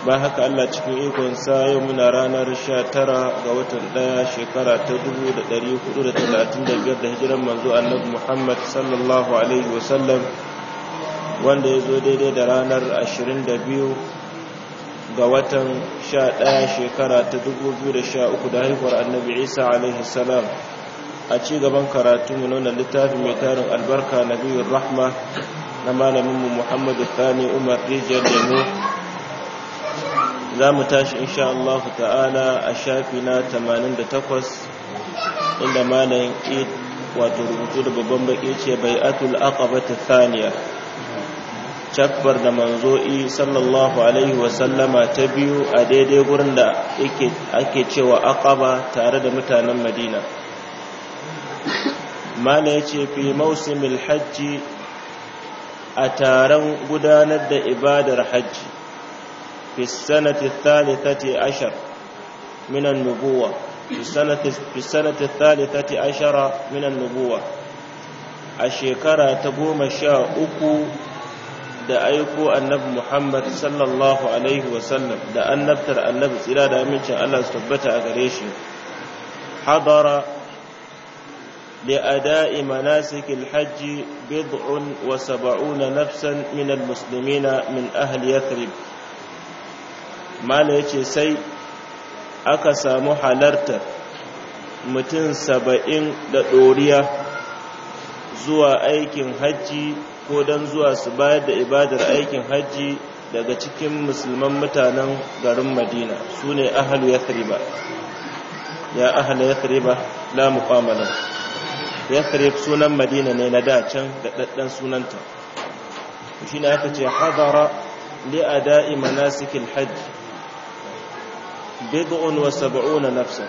ba haka Allah cikin ikonsa yau muna ranar 19 ga watan 1 shekara ta 1435 da hijiran manzo annabi Muhammad sallallahu alaihi wasallam wanda ya zo daidai da ranar 22 ga watan 11 shekara ta 2013 da haihuwar annabi Isa alaihi salam a ci gaban karatu mu nuna littafi mai tarin albarka nabiyur rahma na malamin mu Muhammad Thani Umar Rijiyar Jami'a za mu tashi insha Allah ta'ala a shafi na 88 inda malayin id wato rubutu da babban baki ce bai atul ta thaniya cabbar da manzo'i sallallahu alaihi wa sallama. ta biyu a daidai gurin da ake cewa aqaba tare da mutanen madina mana ya ce fi mausimil hajji a taron gudanar da ibadar hajji في السنة الثالثة عشر من النبوة في السنة, في السنة الثالثة عشر من النبوة الشيكرة تقوم الشاء أكو da aiko annabi Muhammad sallallahu alaihi wasallam da annabtar annabi tsira da amincin Allah su tabbata a gare shi hadara li ada'i manasikil hajji bid'un wa sab'una nafsan min almuslimina min ahli yathrib mala ya ce sai aka samu halartar mutum saba'in da ɗoriya zuwa aikin hajji ko don zuwa su bayar da ibadar aikin hajji daga cikin musulman mutanen garin madina su ne ahalu ya ba ya ahalu ya ba la muƙamalar ya sunan madina ne na dacen da ɗaɗɗen sunanta shi ne aka ce hadara da'i manasikin hajji bid'un wa sab'una nafsa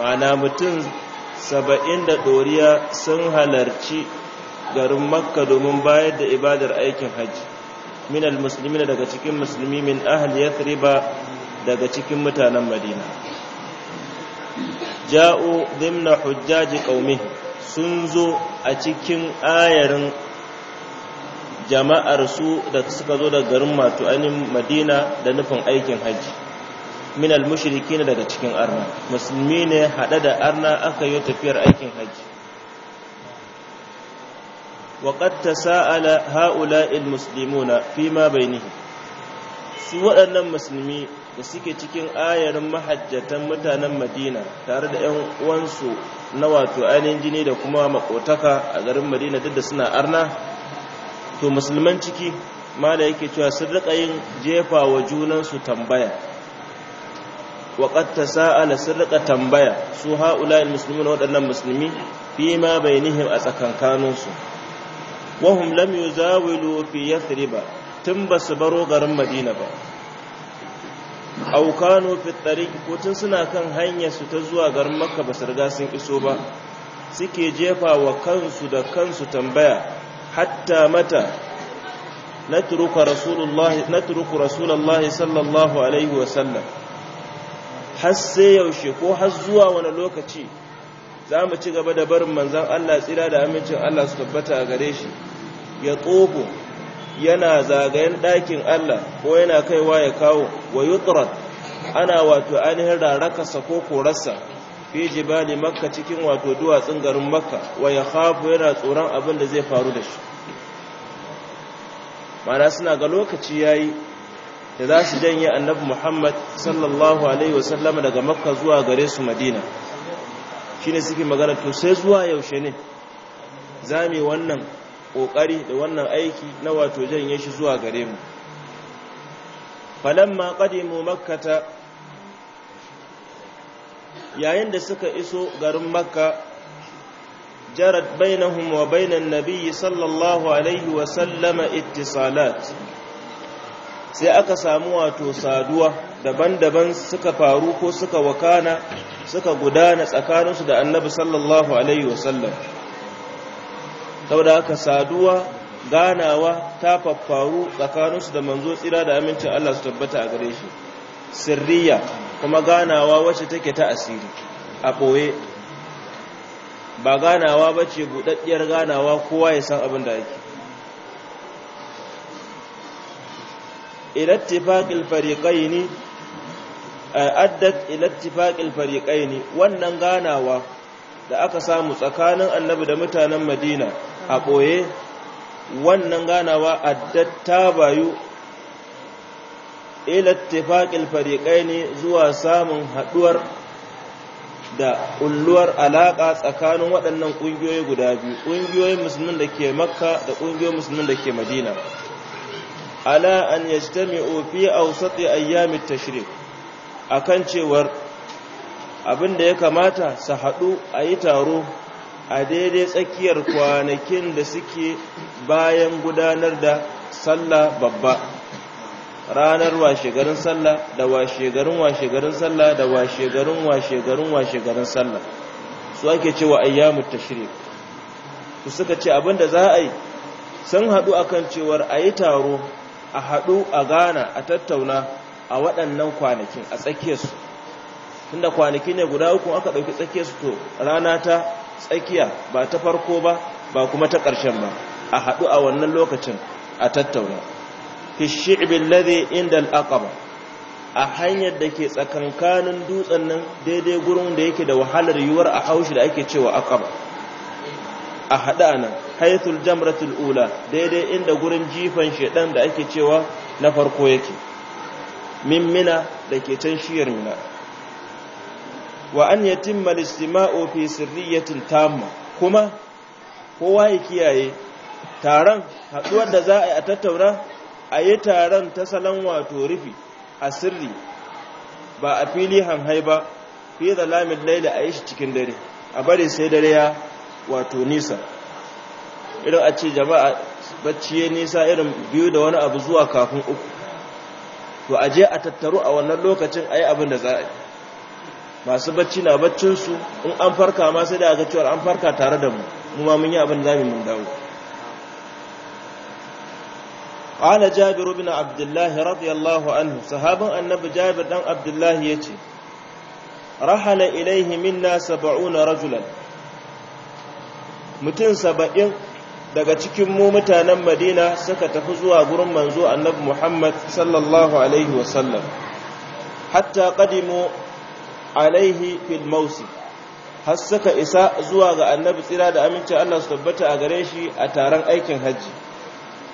ma'ana mutum saba'in da ɗoriya sun halarci garin makka domin bayar da ibadar aikin hajji al musulmi daga cikin musulmi min ahli yathriba daga cikin mutanen madina ja'u dimna hujjaji qaumihi sun zo a cikin ayarin jama'ar su da suka zo da garin matu'anin madina da nufin aikin hajji minal al ne daga cikin arna musulmi ne haɗa da arna aka yi tafiyar aikin haji wa qad tasaala haula'i fi ma fima bainihim su waɗannan musulmi da suke cikin ayarin mahajjatan mutanen madina tare da 'yan uwansu na wato ainihin jini da kuma makotaka a garin madina duk da suna arna to musulman ciki mala yake cewa sun riƙa yin jefa wa junansu tambaya Waƙatta Sa'a da sun tambaya su ha'ulai layin musulmin waɗannan musulmi fiye ma bai nuhi a tsakan kanunsu. Wahamlamiyu za wai lufi fi riba tun ba su baro garin ba dina ba. A wuka nufin, tsarinkutun suna kan hanyar su ta zuwa garin Makka ba su riga sun iso ba, suke jefa wa kansu da kansu tambaya, hatta mata, Na turuƙu rasulallah sallallahu alaihi wa har sai yaushe ko har zuwa wani lokaci za mu ci gaba da barin manzan Allah tsira da amincin Allah su tabbata a gare shi ya tsogo yana zagayen ɗakin Allah ko yana kaiwa ya kawo wa yutrat ana wato ainihin rarakasa ko korarsa fi jibali makka cikin wato duwatsun garin makka wa ya yana tsoron abin da zai faru da shi mana suna ga lokaci ya yi. da za su janye annabi Muhammad sallallahu alaihi wasallam daga makka zuwa gare su madina shine suke magana to sai zuwa yaushe ne zami wannan kokari da wannan aiki na wato janye shi zuwa gare mu falamma qadimu makkata yayin da suka iso garin makka jarat bainahum wa bainan nabiyyi sallallahu alaihi wa ittisalat sai aka samu wato saduwa daban-daban suka faru ko suka wakana suka gudana tsakaninsu da annabi sallallahu alaihi wasallam saboda haka saduwa ganawa ta faffaru tsakaninsu da manzo tsira da amincin Allah su tabbata a gare shi sirriya kuma ganawa wacce take ta asiri a ɓoye ba ganawa ba ce buɗaɗɗiyar ganawa kowa ya san abin da ake إلى اتفاق الفريقين أدت إلى اتفاق الفريقين wannan ganawa da aka samu tsakanin annabi da mutanen madina a ɓoye wannan ganawa addatta bayu ilattifaƙil fariƙai ne zuwa samun haɗuwar da ƙulluwar alaƙa tsakanin waɗannan ƙungiyoyi guda biyu ƙungiyoyin musulmin da ke makka da ƙungiyoyin musulmin da ke madina ala an yajtami'u fi awsati ayyamit tashrik akan cewar abin da ya kamata su haɗu a yi taro a daidai tsakiyar kwanakin da suke bayan gudanar da sallah babba ranar washegarin sallah da washegarin washegarin sallah da washegarin washegarin washegarin sallah su ake cewa ayyamut tashrik su suka ce abin da za a yi sun haɗu akan cewar a yi taro a haɗu a gana a tattauna a waɗannan kwanakin a tsakiyarsu tunda kwanaki ne guda uku aka ɗauki tsakiyarsu to rana ta tsakiya ba ta farko ba ba kuma ta ƙarshen ba a haɗu a wannan lokacin a tattauna fi shi'bin ladhi inda al a hanyar da ke tsakankanin dutsen nan daidai gurin da yake da wahalar yiwuwar a haushi da ake cewa aqaba a a nan haithul jamratul ula daidai inda gurin jifan shedan da ake cewa na farko yake min mina da ke can shiyar mina wa an yatimma listima'u fi sirriyatin tamma kuma kowa ya kiyaye taron haɗuwar da za a yi a tattauna a yi taron ta salon wato rufi a sirri ba a fili hanhai ba fi da lamin laila a yi shi cikin dare a bari sai dare ya wato nisa irin a ce jama'a bacci ya nisa irin biyu da wani abu zuwa kafin uku to a je a tattaru a wannan lokacin a yi abin da za yi masu bacci na baccinsu in an farka masu da ga cewar an farka tare da mu mu ma mun yi abin da za mu dawo قال جابر بن عبد الله anhu, الله عنه jabir dan جابر بن عبد الله يجي رحل إليه منا سبعون رجلا mutum saba'in daga cikin mu mutanen madina suka tafi zuwa gurin manzo annabi muhammad sallallahu alaihi wasallam hatta kadimu alaihi fil mausi har suka isa zuwa ga annabi tsira da aminci allah su tabbata a gare shi a taron aikin hajji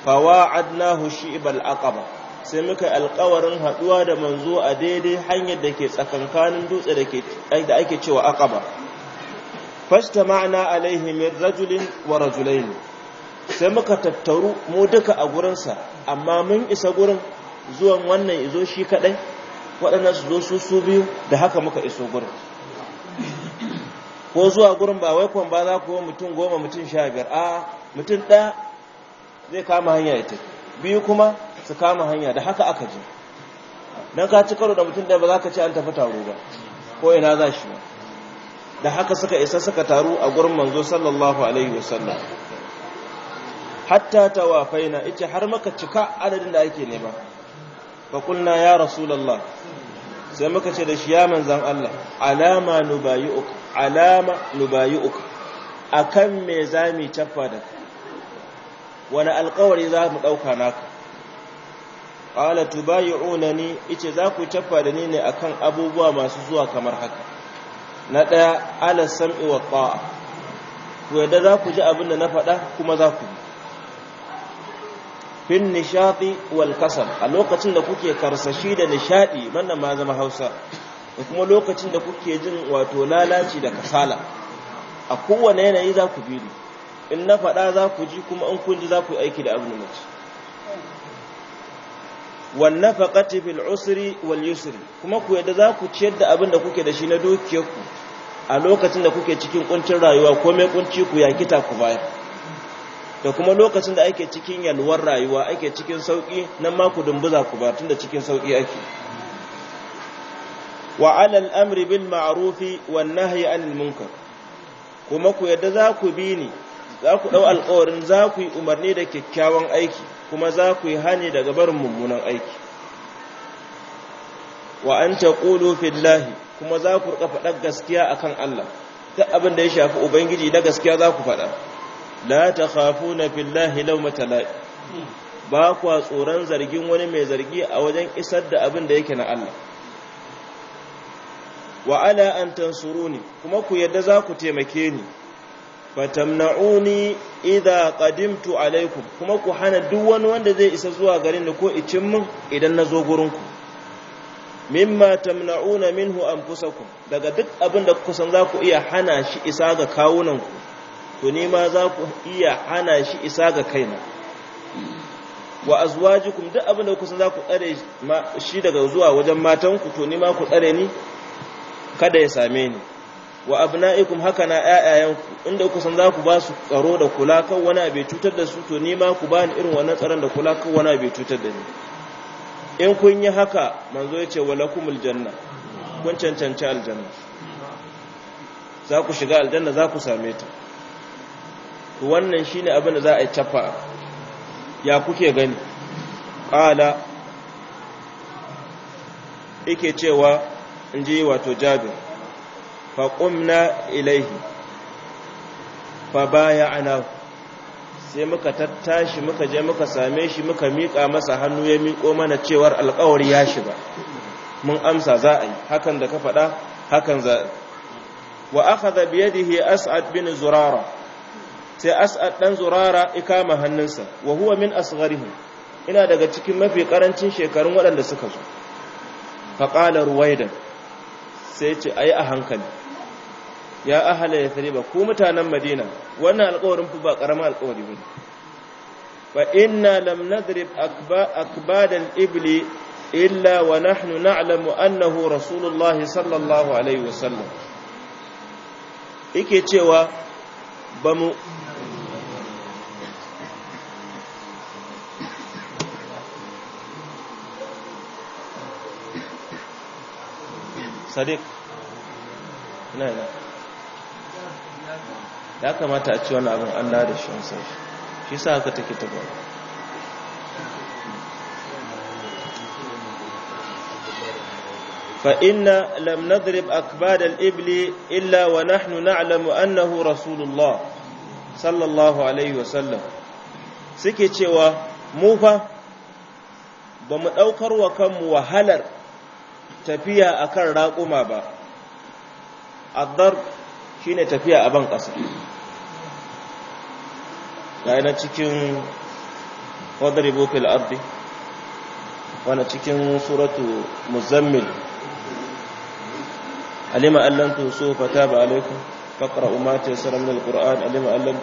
fawa fawa'adnahu shi'bal aqaba sai muka alkawarin haɗuwa da manzo a daidai hanyar da ke tsakankanin dutse da ake cewa aqaba ma'ana alaihi min rajulin wa rajulain sai muka tattaru mu duka a gurinsa amma mun isa gurin zuwan wannan izo shi kadai waɗannan su zo su su biyu da haka muka iso gurin ko zuwa gurin ba wai kwan ba za ku mutum goma mutum sha biyar a mutum ɗaya zai kama hanya ya tafi biyu kuma su kama hanya da haka aka je don ka ci karo da mutum ɗaya ba za ka ci an tafi taro ba ko ina za shi ba da haka suka isa suka taru a gurin manzo sallallahu alaihi wasallam hatta tawafaina ita har maka cika adadin da ake nema fa qulna ya rasulullah sai muka ce da shi ya manzan Allah alama nubayuk alama nubayuk akan me zamu tafa da wani alƙawari za mu ɗauka naka qala tubayi'unani ice za ku tafa da ni ne akan abubuwa masu zuwa kamar haka na ɗaya ala sam'i wa ta'a ku yadda za ku ji abin da na faɗa kuma za ku fin nishaɗi wal kasal a lokacin da kuke karsashi da nishaɗi wannan ma zama hausa da kuma lokacin da kuke jin wato lalaci da kasala a kowane yanayi za ku bi ni, in na faɗa za ku ji kuma in kun ji za ku aiki da abin da mace wa nafaqati fil usri wal yusri kuma ku yadda za ku ciyar da abin da kuke da shi na dukiyarku a lokacin da kuke cikin kuncin rayuwa ko mai kunci ku ya kita ku bayar da kuma lokacin da ake cikin yalwar rayuwa ake cikin sauki nan ma ku dumbuza ku ba tunda cikin sauki ake wa ala al-amri bil ma'rufi wan nahyi anil munkar kuma ku yadda za ku bi ni za ku ɗau alƙawarin za ku yi umarni da kyakkyawan aiki kuma za ku yi hani daga barin mummunan aiki wa an ta ƙulo fillahi kuma za ku rika faɗa gaskiya a kan Allah ta abin da ya shafi Ubangiji na gaskiya za ku faɗa la ta hafu na fillahi lau matala'i ba kuwa tsoron zargin wani mai zargi a wajen isar da abin da yake na Allah wa ala an tansuru ne kuma ku yadda za ku taimake ni fatamna'uni idza qadimtu alaykum kuma ku hana duk wani wanda zai isa zuwa garin da ko icin min idan nazo gurin ku mimma tamna'una minhu anfusakum daga duk abin da ku san za ku iya hana shi isa ga kawunan ku to ni ma za ku iya hana shi isa ga kaina wa azwajikum duk abin da ku san za ku tsare shi daga zuwa wajen matan ku to ni ma ku tsare ni kada ya same ni wa abna'ikum haka na ƴaƴayanku inda ku san za ku ba su tsaro da kula kan wani abu cutar da su to ni ma ku bani irin wannan tsaron da kula kan wani abu cutar da ni in kun yi haka manzo ya ce walakumul janna kun cancanci aljanna za ku shiga aljanna za ku same ta to wannan shine abin da za a yi tafa ya kuke gani qala yake cewa in ji wato jabir فقمنا ilaihi fa baya sai muka tattashi muka je muka same shi muka miƙa masa hannu ya miko mana cewar alƙawari ya shiga mun amsa za a yi hakan da ka faɗa hakan za a wa aka da biyadihi as'ad bin zurara sai as'ad ɗan zurara ikama hannunsa wa huwa min asgharihi ina daga cikin mafi ƙarancin shekarun waɗanda suka zo faƙalar ruwaidan sai ce a yi a hankali ya ahala ya ba ku mutanen madina wannan alkawarin ku ba karama alkawari ba fa inna lam nadrib akbadan ibli illa wa nahnu na'lamu annahu rasulullahi sallallahu alaihi wa sallam yake cewa ba mu sadiq na na ya kamata a ci wani abin Allah da shi sai shi sa haka take ta gaba fa inna lam nadrib akbad al-ibli illa wa nahnu na'lamu annahu rasulullah sallallahu alaihi wa sallam suke cewa mu fa ba mu daukar wa kanmu wahalar tafiya akan raƙuma ba addar shine tafiya a ban ƙasa ga cikin wadribu fil ardi wani cikin suratu muzammil alima allan tuso fata ba alaikum faqra umati sura min alquran alima allan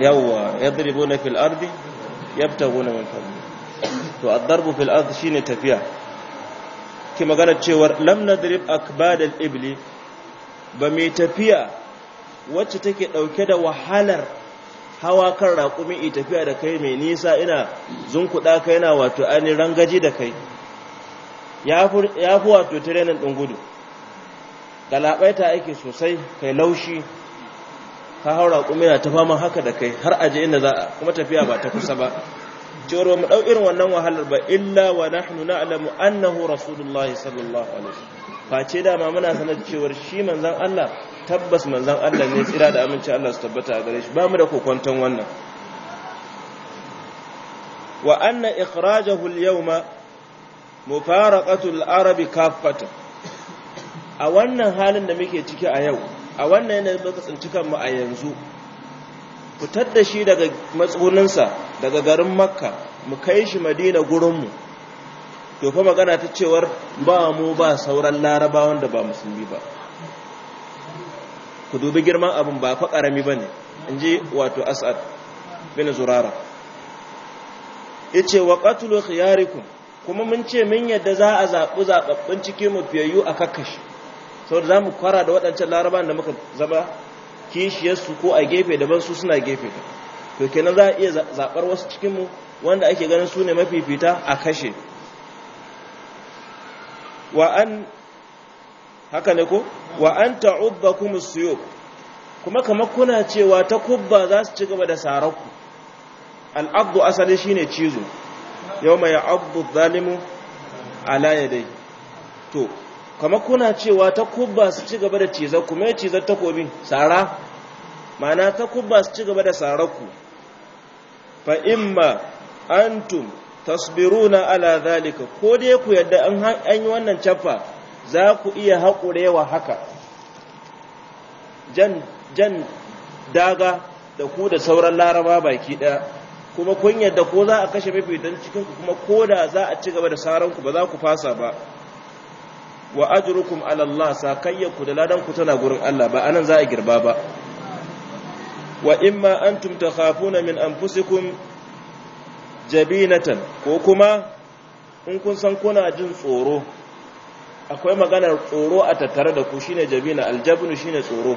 yawa yadribuna fil ardi yabtaguna min fadli to ad-darbu fil ardi shine tafiya ke magana cewar lam nadrib akbadal ibli ba mai tafiya wacce take dauke da wahalar hawa kan raƙumi i tafiya da kai mai nisa ina zunkuɗa kai yana wato ainihin rangaji da kai ya fi wato tirenin ɗin gudu galabaita ake sosai kai laushi ka haura kuma ta faman haka da kai har aji inda za a kuma tafiya ba ta kusa ba cewar ba mu ɗau irin wannan wahalar ba illa wa nahnu na'lamu annahu rasulullahi sallallahu alaihi wasallam da dama muna sanar cewar shi manzon Allah tabbas manzon Allah ne tsira da aminci Allah su tabbata a gare shi ba mu da kokonton wannan wa anna ikhrajahu al-yawma mufaraqatu al-arabi kaffata a wannan halin da muke ciki a yau a wannan yanayin da muka tsinci kanmu a yanzu fitar da shi daga matsuninsa daga garin makka mu kai shi madina gurinmu to fa magana ta cewar ba mu ba sauran larabawan da ba musulmi ba ku dubi girman abin ba fa karami bane in ji wato as'ad bin zurara yace wa qatlu khiyarikum kuma mun ce mun yadda za a zaɓi zaɓaɓɓun cikin mu fiyayyu a kakkashi saboda za mu kwara da waɗancan larabawan da muka zaba kishiyarsu ko a gefe daban su suna gefe to kenan za a iya zaɓar wasu cikinmu wanda ake ganin su ne mafifita a kashe wa an haka ne ko wa an ta'ubba kuma suyo kuma kama kuna cewa ta kubba za su ci gaba da sarakku al'abdu asali shine cizo yau mai abdu zalimu ala yadai to kamar kuna cewa ta kubba su ci gaba da cizar ku mai cizar takobi sara ma'ana kubba su ci gaba da saraku. fa imma antum tasbiruna ala zalika ko dai ku yadda an yi wannan cafa za ku iya haƙurewa haka jan daga da ku da sauran laraba baki ɗaya kuma kun yadda ko za a kashe mafi don cikinku kuma ko da za a ci gaba da saranku ba za ku fasa ba wa ajrukum ala Allah sakayyaku da ladan ku tana gurin Allah ba anan za a girba ba wa imma antum takhafuna min anfusikum jabinatan ko kuma in kun san kuna jin tsoro akwai maganar tsoro a tattare da ku shine jabina aljabnu shine tsoro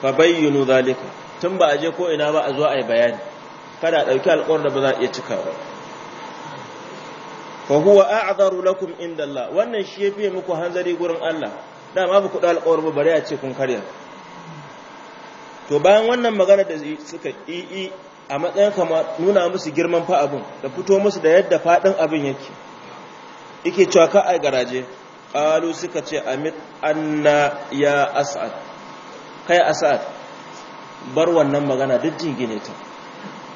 fa bayyinu zalika tun ba a je ko ina ba a zo a yi bayani kada a ɗauki alƙawarin da ba za a iya cikawa fa huwa a'dharu lakum inda Allah wannan shi yafi muku hanzari gurin Allah dama ba ku da alƙawar ba bare a ce kun karya to bayan wannan magana da suka yi a matsayin kama nuna musu girman fa abun da fito musu da yadda fadin abin yake yake cewa ka a garaje qalu suka ce amit anna ya as'ad kai as'ad bar wannan magana duk jingine ta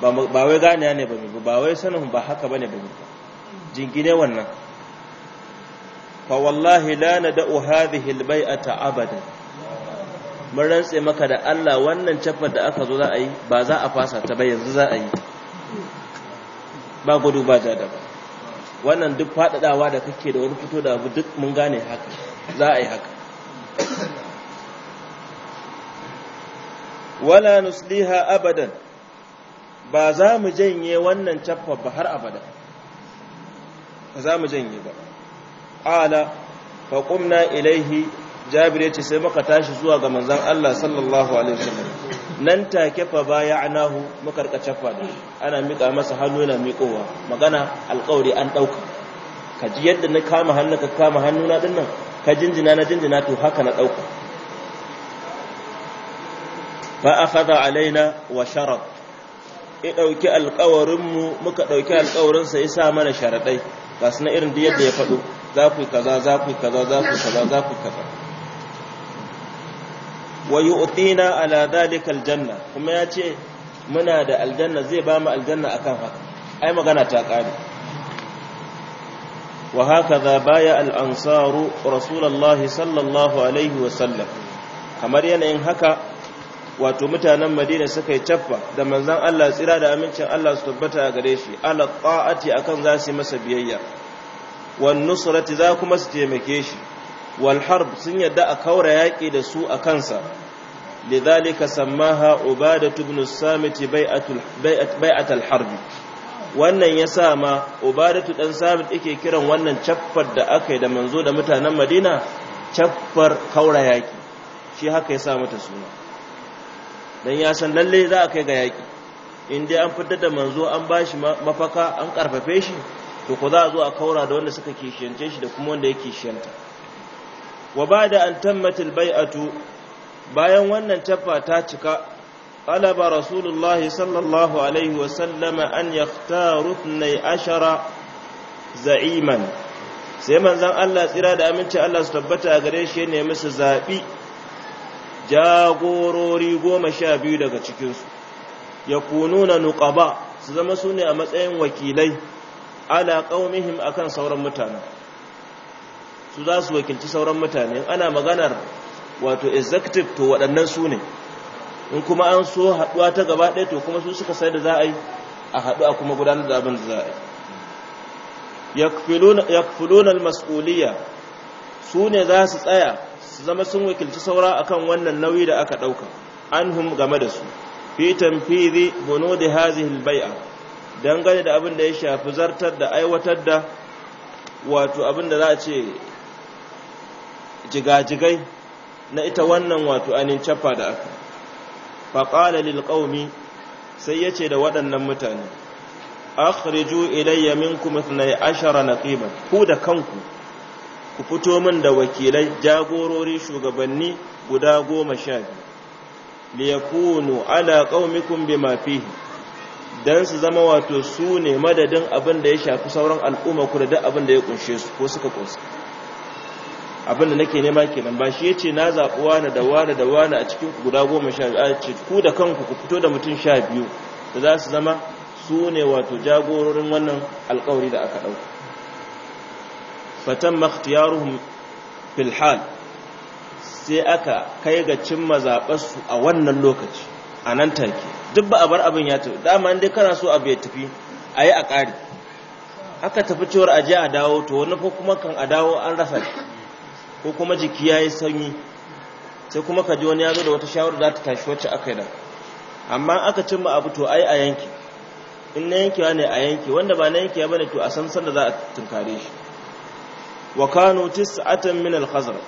ba wai gane ne ba ba wai sanin ba haka bane ba jingine wannan fa wallahi la nad'u hadhihi albay'ata abada mun rantse maka da Allah wannan cafar da aka zo za a yi ba za a fasa ta ba yanzu za a yi ba gudu ba jada daba wannan duk fadadawa da kake da wani fito da abu duk mun gane haka za a yi haka wala nusliha abadan ba za mu janye wannan caffa ba har abada za mu janye ba Ala, fa qumna ilaihi jabir yace sai muka tashi zuwa ga manzon Allah sallallahu alaihi wasallam nan take fa bayanahu muka rkace da ana mika masa hannu yana mikowa magana alƙawari an dauka kaji yadda na kama hannu ka kama hannu na dinnan ka jinjina na jinjina to haka na dauka fa akhadha alaina wa sharat ya dauki alƙawarinmu mu muka dauki alƙawarin sa yasa mana sharadai ga su na irin da yadda ya faɗo za ku yi kaza za ku yi kaza za ku yi kaza za ku yi kaza wa yu'tina ala dhalika aljanna kuma ya ce muna da aljanna zai ba mu aljanna akan haka ai magana ta kare wa haka za baya al'ansaru ansaru sallallahu alaihi wa sallam kamar yanayin haka wato mutanen madina suka yi caffa da manzan Allah tsira da amincin Allah su tabbata a gare shi ala ta'ati akan za su yi masa biyayya wal nusrati za kuma su taimake shi wal harb sun yadda a kaura yaƙi da su a kansa lidhalika sammaha ubadah ibn samit bai'atul bai'atul harb wannan ya sa ma ubadatu dan samit yake kiran wannan caffar da aka da manzo da mutanen madina caffar kaura yaƙi shi haka ya sa mata suna dan ya san lalle za a kai ga yaki in dai an fitar da manzo an ba shi mafaka an karfafe shi to ko za a zo a kaura da wanda suka kishiyance shi da kuma wanda ya kishiyanta wa ba'da an tammatil bai'atu bayan wannan tafa ta cika alaba rasulullahi sallallahu alaihi wa sallama an yakhtaru 12 za'iman sai manzon Allah tsira da aminci Allah su tabbata gare shi ne musu zabi jagorori goma sha biyu daga cikinsu ya kununa su zama su ne a matsayin wakilai ala a kan sauran mutane su za su wakilci sauran mutane ana maganar wato executive to waɗannan su ne in kuma an so haɗuwa ta gaba ɗaya to kuma su suka sai da za a yi a haɗu a kuma gudanar da abin da za a yi yakfulunar almas'uliyya su ne za su tsaya su zama sun wakilci saura akan wannan nauyi da aka ɗauka anhum game da su fi tanfizi bunudi hazihi albay'a dangane da abin da ya shafi zartar da aiwatar da wato abin da za a ce jigajigai na ita wannan wato anin chafa da aka qala lil qaumi sai yace da waɗannan mutane akhriju ilayya minkum 12 naqiban ku da kanku ku fito min da wakilai jagorori shugabanni guda goma sha biyu ala qaumikum bima fihi dan su zama wato su ne madadin abin da ya shafi sauran al'umma ku da duk abin da ya kunshe su ko suka kunsa abin da nake nema kenan ba shi yace na zaɓi wani da wani da wani a cikin guda goma sha biyu a ce ku da kanku ku fito da mutum sha biyu da za su zama su ne wato jagororin wannan alƙawari da aka ɗauka fatan makhtiyaruhum fil hal sai aka kai ga cimma zaɓarsu a wannan lokaci a nan take duk ba a bar abin ya tafi dama dai kana so abu ya tafi a yi a ƙari aka tafi cewar a je a dawo to wani ko kuma kan a dawo an rasa ko kuma jiki ya yi sanyi sai kuma ka ji wani ya zo da wata shawarar za ta tashi wacce aka yi da amma aka cimma abu to ai a yanki in na yankewa ne a yanki wanda ba na yankewa ba ne to a san san da za a tunkare shi wa kanu tis'atan min al-khazraj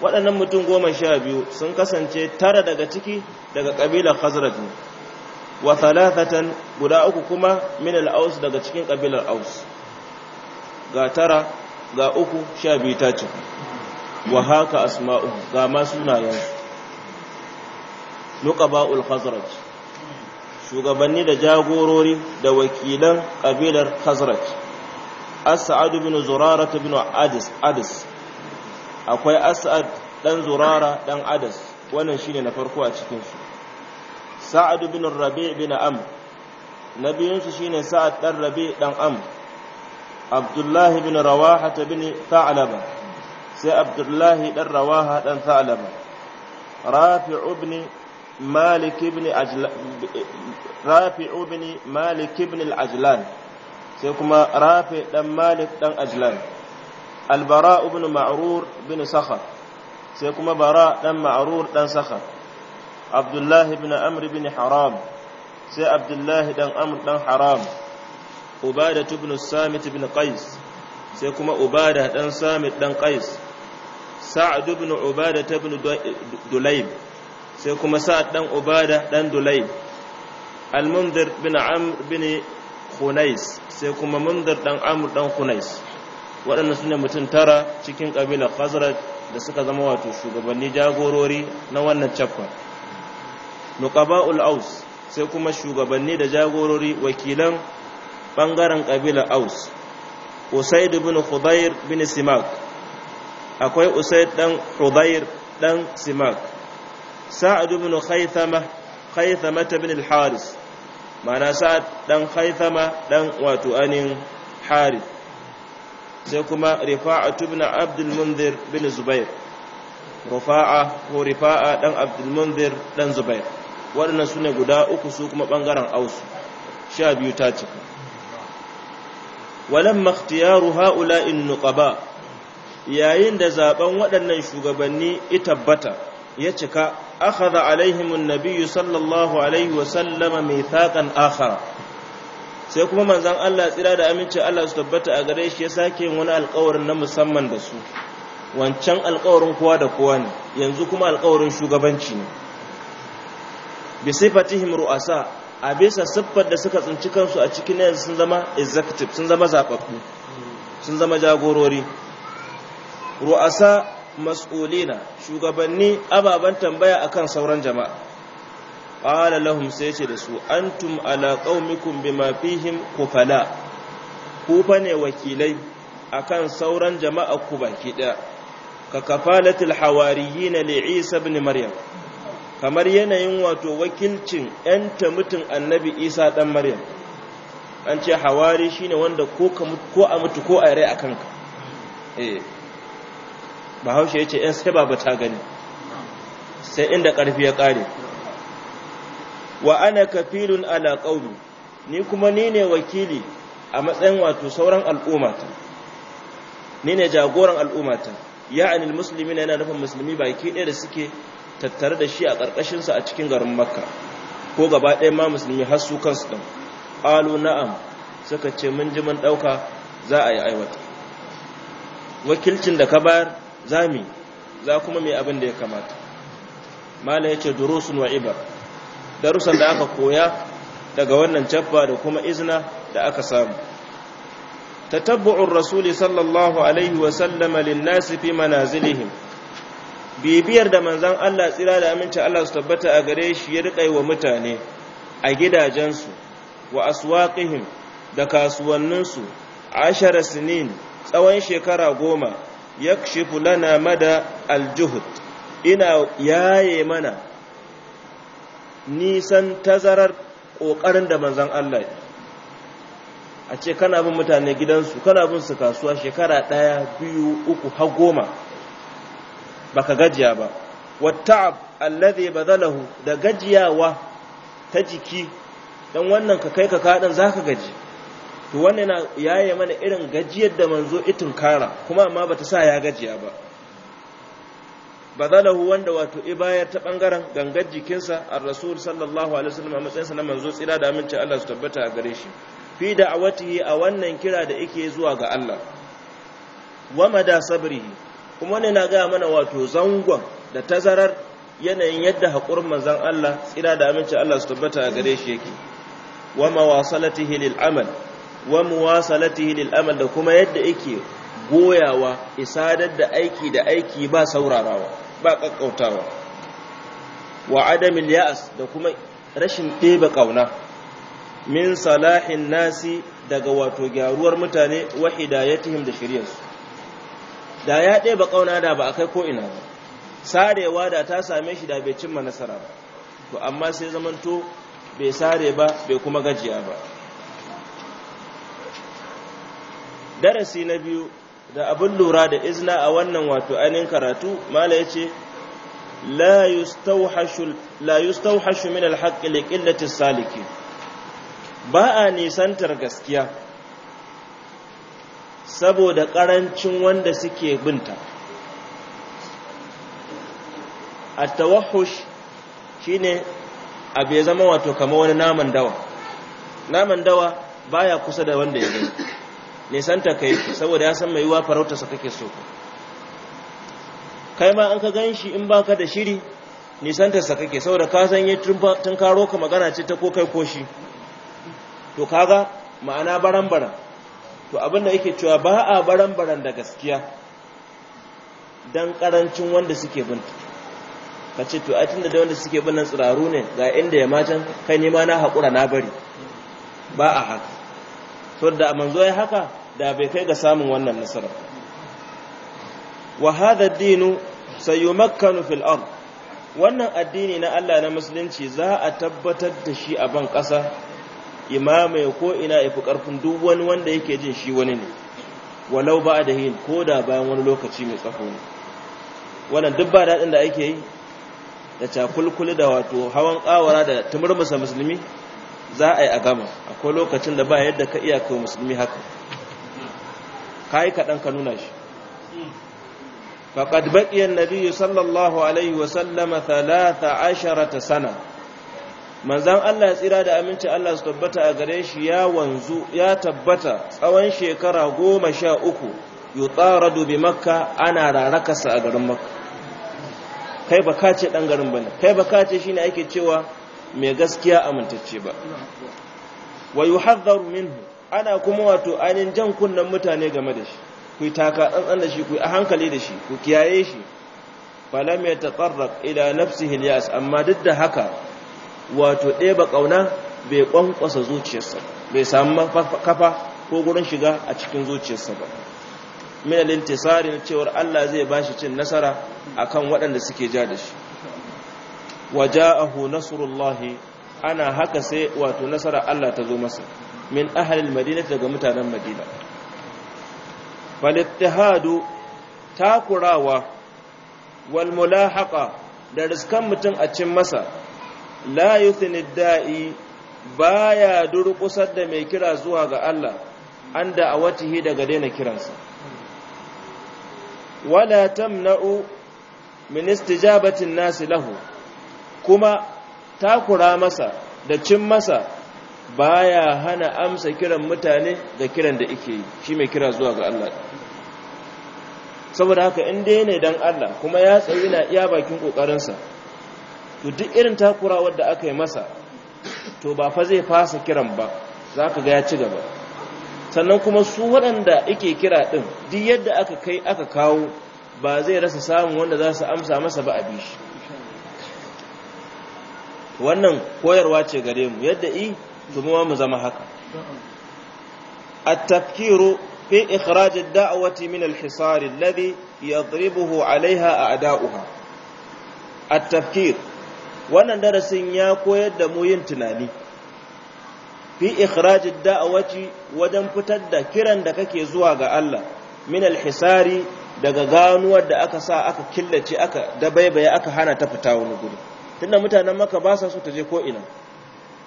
waɗannan mutum goma sha biyu sun kasance tara daga ciki daga ƙabilar khazraj wa thalathatan guda uku kuma min al-aus daga cikin ƙabilar aus ga tara ga uku sha biyu ta ce. wa haka asma'u ga ma sunayen nuqaba'ul khazraj shugabanni da jagorori da wakilan ƙabilar khazraj as'ad ibn zurara ibn adis adis akwai as'ad dan zurara dan adis wannan shine na farko a cikin su sa'ad ibn rabi' ibn am nabiyin su shine sa'ad dan rabi' dan am abdullah ibn rawaha ibn tha'laba sai abdullah dan rawaha dan tha'laba rafi' ibn malik ibn ajlan rafi' ibn malik ibn al-ajlan sai kuma rafi dan malik dan ajlan albara ibn ma'rur bin sakhar sai kuma bara dan ma'rur dan sakhar abdullahi ibn amr bin haram sai abdullahi dan amr dan haram ubada ibn samit ibn qais sai kuma ubada dan samit dan qais sa'd ibn ubada ibn dulayb sai kuma sa'd dan ubada dan dulayb al-munzir bin amr bin khunais sai kuma munzir dan amur dan kunais waɗannan su ne mutum tara cikin ƙabilar khazraj da suka zama wato shugabanni jagorori na wannan caffa nukaba aus sai kuma shugabanni da jagorori wakilan ɓangaren ƙabilar aus usaid bin hudayir bin simak akwai usaid dan hudayir dan simak sa'adu bin haithama ta bin al-haris mana sa'ad dan haithama dan wato anin harith sai kuma rifa'a ibn abdul munzir bin zubair rifa'a ko rifa'a ɗan abdul munzir dan zubair waɗannan su ne guda uku su kuma ɓangaren ausu sha biyu ta cika walan makhtiyaru ha'ula'in nuqaba yayin da zaben waɗannan shugabanni ya tabbata ya cika أخذ عليهم النبي صلى الله عليه وسلم ميثاقا آخر sai kuma manzan Allah tsira da aminci Allah su tabbata a gare shi ya sake wani alkawarin na musamman da su wancan alkawarin kowa da kowa ne yanzu kuma alkawarin shugabanci ne bi sifatihim ru'asa a bisa siffar da suka tsinci kansu a cikin yanzu sun zama executive sun zama zababbu sun zama jagorori ru'asa mas'ulina shugabanni ababen tambaya akan sauran jama'a qala lahum sai ce da su antum ala qaumikum bima fihim kufala ku fa ne wakilai akan sauran jama'a ku baki daya ka kafalatul hawariyin li Isa ibn Maryam kamar yanayin wato wakilcin ‘yan mutum annabi Isa ɗan Maryam an ce hawari shine wanda ko a mutu ko a rai a kanka eh. bahaushe ya ce ‘yan sai babu ta gani sai inda ƙarfi ya ƙare wa ana kafilun ala ƙaulu ni kuma ni ne wakili a matsayin wato sauran al’umata ni ne jagoran al'ummata ya anil musulmi na yana nufin musulmi baki ɗaya da suke tattare da shi a ƙarƙashinsa a cikin garin makka ko gaba ɗaya ma musulmi har su kansu ɗin alu na'am suka ce mun ji mun ɗauka za a yi aiwata wakilcin da ka bayar zami za kuma mai abin da ya kamata mala yace durusun wa ibar darussan da aka koya daga wannan jabba da kuma izina da aka samu tatabbu'ur rasuli sallallahu alaihi wa sallama lin fi manazilihim bibiyar da manzan Allah tsira da aminci Allah su tabbata a gare shi ya riƙa wa mutane a gidajensu wa aswaqihim da kasuwanninsu ashara sinin tsawon shekara goma yakshifu lana mada aljuhud ina yaye mana nisan tazarar ƙoƙarin da manzan Allah a ce kana bin mutane gidansu kana bin su kasuwa shekara ɗaya biyu uku har goma baka gajiya ba wata'ab allazi badalahu da gajiyawa ta jiki dan wannan ka kai ka kaɗan ka gaji to wannan yana yaye mana irin gajiyar da manzo itin kara kuma amma bata sa ya gajiya ba badalahu wanda wato ibayar ta bangaren gangar jikinsa ar rasul sallallahu alaihi wasallam a matsayinsa na manzo tsira da aminci Allah su tabbata a gare shi fi da'awatihi a wannan kira da yake zuwa ga Allah wa mada sabrihi kuma ne na ga mana wato zangon da tazarar yanayin yadda haƙurin manzon Allah tsira da aminci Allah su tabbata a gare shi yake wa mawasalatihi lil amal wa muwasalatihi lil amal da kuma yadda yake goyawa isadar da aiki da aiki ba saurarawa ba kakkautawa wa adamil ya'as da kuma rashin ɗeba ƙauna min salahin nasi daga wato gyaruwar mutane wa hidayatihim da shiryarsu da ya ɗeba ƙauna da ba a kai ko ina ba sarewa da ta same shi da bai cimma nasara ba to amma sai zamanto bai sare ba bai kuma gajiya ba darasi na biyu da abin lura da izna a wannan wato ainihin karatu mala ya ce la yustauhashu min alhaqqi liqillati saliki ba a nisantar gaskiya saboda ƙarancin wanda suke binta A Tawahush shi ne abu ya zama wato kama wani naman dawa naman dawa baya kusa da wanda ya gani nisanta kai saboda ya san mai yiwa farautarsa kake so kai ma an ka gan shi in baka da shiri nisantarsa kake saboda ka san ya tun karo ka magana ce ta ko kai ko shi to kaga ma'ana baran-baran to abinda yake cewa ba a baran-baran da gaskiya don karancin wanda suke bin ka ce to atin da wanda suke bin nan tsiraru ne ga inda ya matan kai nema na haƙura na bari ba a haka saboda manzo ya haka da bai kai ga samun wannan nasarar wa Sayo ad-din sayumakkanu fil ard wannan addini na Allah na musulunci za a tabbatar da shi a ban ƙasa imamai ko ina ifi ƙarfin duk wani wanda yake jin shi wani ne walau ba da hin ko da bayan wani lokaci mai tsako ne wannan duk ba daɗin da ake yi da cakulkuli da wato hawan ƙawara da tumurmusa musulmi za a yi a gama akwai lokacin da ba yadda ka iya kai musulmi haka kai kaɗan ka nuna shi faƙad baƙiyar nabiyu sallallahu alaihi wasallama talata ta sana manzan Allah ya tsira da aminci Allah su tabbata a gare shi ya wanzu ya tabbata tsawon shekara goma sha uku yi tsara dubi makka ana rarakarsa a garin makka kai ba kace ce ɗan garin ba kai ba kace ce shi ne ake cewa mai gaskiya amintacce ba wa yi minhu ana kuma wato ainihin jan kunnen mutane game da shi ku yi taka tsantsan da shi ku yi a hankali da shi ku kiyaye shi falam ya taqarrab ila nafsihi hilyas amma duk da haka wato ɗeba ƙauna bai ƙwanƙwasa zuciyarsa bai samu kafa ko gurin shiga a cikin zuciyarsa ba min al-intisari na cewa Allah zai bashi cin nasara akan waɗanda suke ja da shi waja'ahu nasrullahi ana haka sai wato nasara Allah ta zo masa min ahalil madina daga mutanen madina falittihadu takurawa wal da riskan mutum a cin masa la yuthni da'i baya durƙusar da mai kira zuwa ga Allah an da a watihi daga daina kiransa wala tamna'u min jabatin nasi lahu kuma takura masa da cin masa baya hana amsa kiran mutane da kiran da ike yi shi mai kira zuwa ga Allah saboda haka in dai ne dan Allah kuma ya tsayi na iya bakin kokarinsa to duk irin takurawar da aka yi masa to ba fa zai fasa kiran ba za ka ga ya ci gaba sannan kuma su waɗanda ike kira ɗin duk yadda aka kai aka kawo ba zai rasa samun wanda za su amsa masa ba a bishi. wannan koyarwa ce gare mu yadda i domin mu zama haka at fi ikhraj ad-da'wati min al-hisar alladhi yadribuhu 'alayha a'da'uha at-tafkir wannan darasin ya koyar da mu yin tunani fi ikhraj ad-da'wati wajen fitar da kiran da kake zuwa ga Allah min al daga ganuwar da aka sa aka killace aka dabaibaye aka hana ta fita wani gudu tunda mutanen maka ba sa so ta je ko ina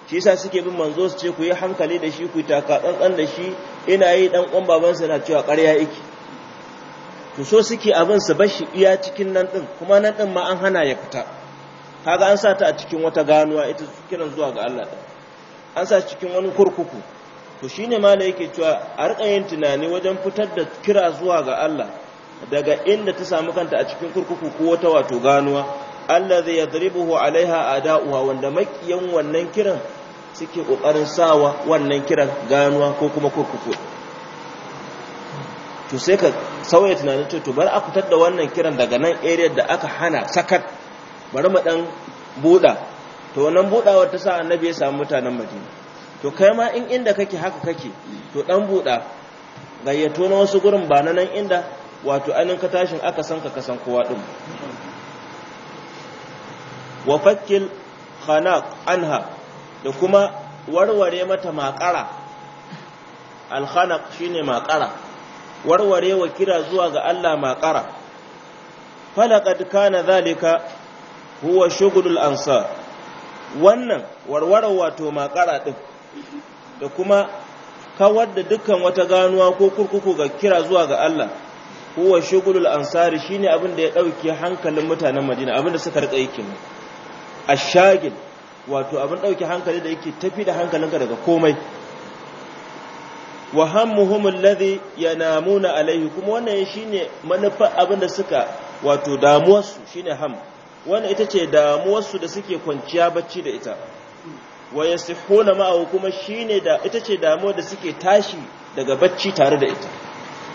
shi yasa suke bin manzo su ce ku yi hankali da shi ku yi taka da shi ina yi dan uwan babansa na cewa ƙarya yake to so suke abin su bar shi iya cikin nan din kuma nan din ma an hana ya fita kaga an sa ta a cikin wata ganuwa ita kiran zuwa ga Allah din an sa cikin wani kurkuku to shine mala yake cewa a rika yin tunani wajen fitar da kira zuwa ga Allah daga inda ta samu kanta a cikin kurkuku ko wata wato ganuwa allazi yadribuhu alaiha ada'uha wanda makiyan wannan kiran suke kokarin sawa wannan kiran ganuwa ko kuma kurkuku to sai ka sauya tunanin ce to bar a fitar da wannan kiran daga nan area da aka hana sakat bari mu dan buda to wannan budawar ta sa annabi ya samu mutanen madina to kai ma in inda kake haka kake to dan buda gayyato na wasu gurin ba nan inda wato ainin ka tashin aka san ka kasan kowa din wa fakil khanaq anha da kuma warware mata makara khanaq shine makara warware wa kira zuwa ga Allah makara falaqad kana zalika huwa shughulul ansar wannan warware wato makara din da kuma kawar da dukkan wata ganuwa ko kurkuku ga kira zuwa ga Allah huwa shugulul ansari shine abin da ya dauke hankalin mutanen Madina abin da suka rika yake ashagil wato abin ɗauke hankali da yake tafi da hankalinka daga komai wa hammuhum alladhi yanamuna alaihi kuma wannan shine manufa abin da suka wato damuwarsu shine ham wannan ita ce damuwarsu da suke kwanciya bacci da ita wa yasihuna au kuma shine da ita ce damuwar da suke tashi daga bacci tare da ita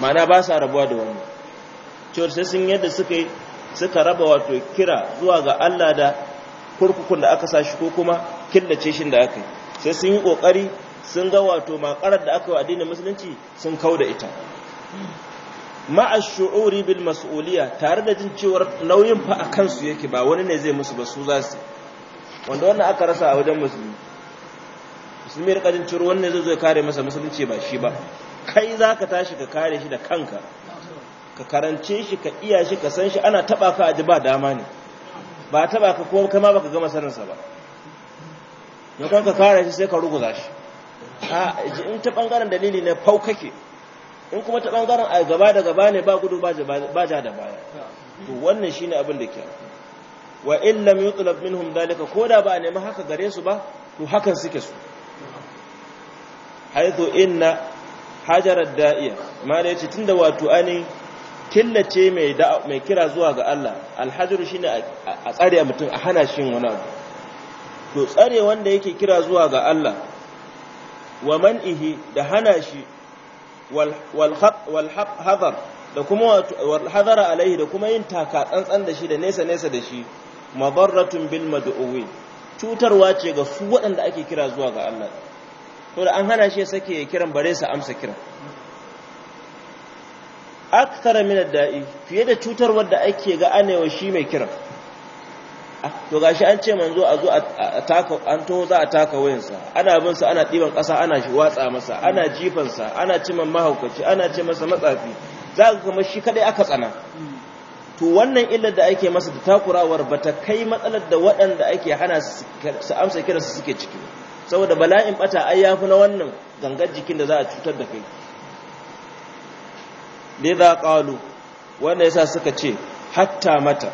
ma'ana ba sa rabuwa da wannan cewar sai sun yadda suka suka raba wato kira zuwa ga Allah da kurkukun da aka sashi ko kuma killace shi da aka yi sai sun yi kokari sun ga wato makarar da aka yi addinin musulunci sun kau da ita ash shu'uri bil mas'uliya tare da jin cewa nauyin fa a kansu yake ba wani ne zai musu ba su za su wanda wannan aka rasa a wajen musulmi musulmi rika jin cewar wannan zai zo ya kare masa musulunci ba shi ba kai zaka tashi ka kare shi da kanka ka karance shi ka iya shi ka san shi ana taba ka a ba dama ne ba ta ba ka kuma kama baka gama saninsa ba don kan ka kare shi sai ka ruguza shi a in ta bangaren dalili ne faukake kake in kuma ta bangaren a gaba da gaba ne ba gudu ba ja da baya to wannan shi ne abin da ke wa in lam yutlab minhum dalika koda ba a nemi haka gare su ba to hakan suke su haithu inna hajarar da'iya ce tun tunda wato ani ce mai mai kira zuwa ga Allah alhajiru shine a tsare mutum a hana shi wani abu to tsare wanda yake kira zuwa ga Allah wa man'ihi da hana shi wal hadar da kuma wal hadara alaihi da kuma yin taka tsantsan da shi da nesa nesa da shi madarratun bil mad'uwi cutarwa ce ga su waɗanda ake kira zuwa ga Allah to da an hana shi sake kiran bare sa amsa kiran akthara min ad-da'i fiye da cutar wanda ake ga anewa shi mai kira ah, to gashi an ce manzo a zo a taka an to za a taka wayansa ana bin sa ana diban kasa ana shi watsa masa ana jifan sa ana ciman mahaukaci ana ce masa matsafi za ka kamar shi kadai aka tsana to wannan illar da ake masa da takurawar bata kai matsalar da waɗanda ake hana su amsa kira su suke ciki saboda bala'in bata ai yafi na wannan gangar jikin da za a cutar da kai lidha qalu wanda yasa suka ce hatta mata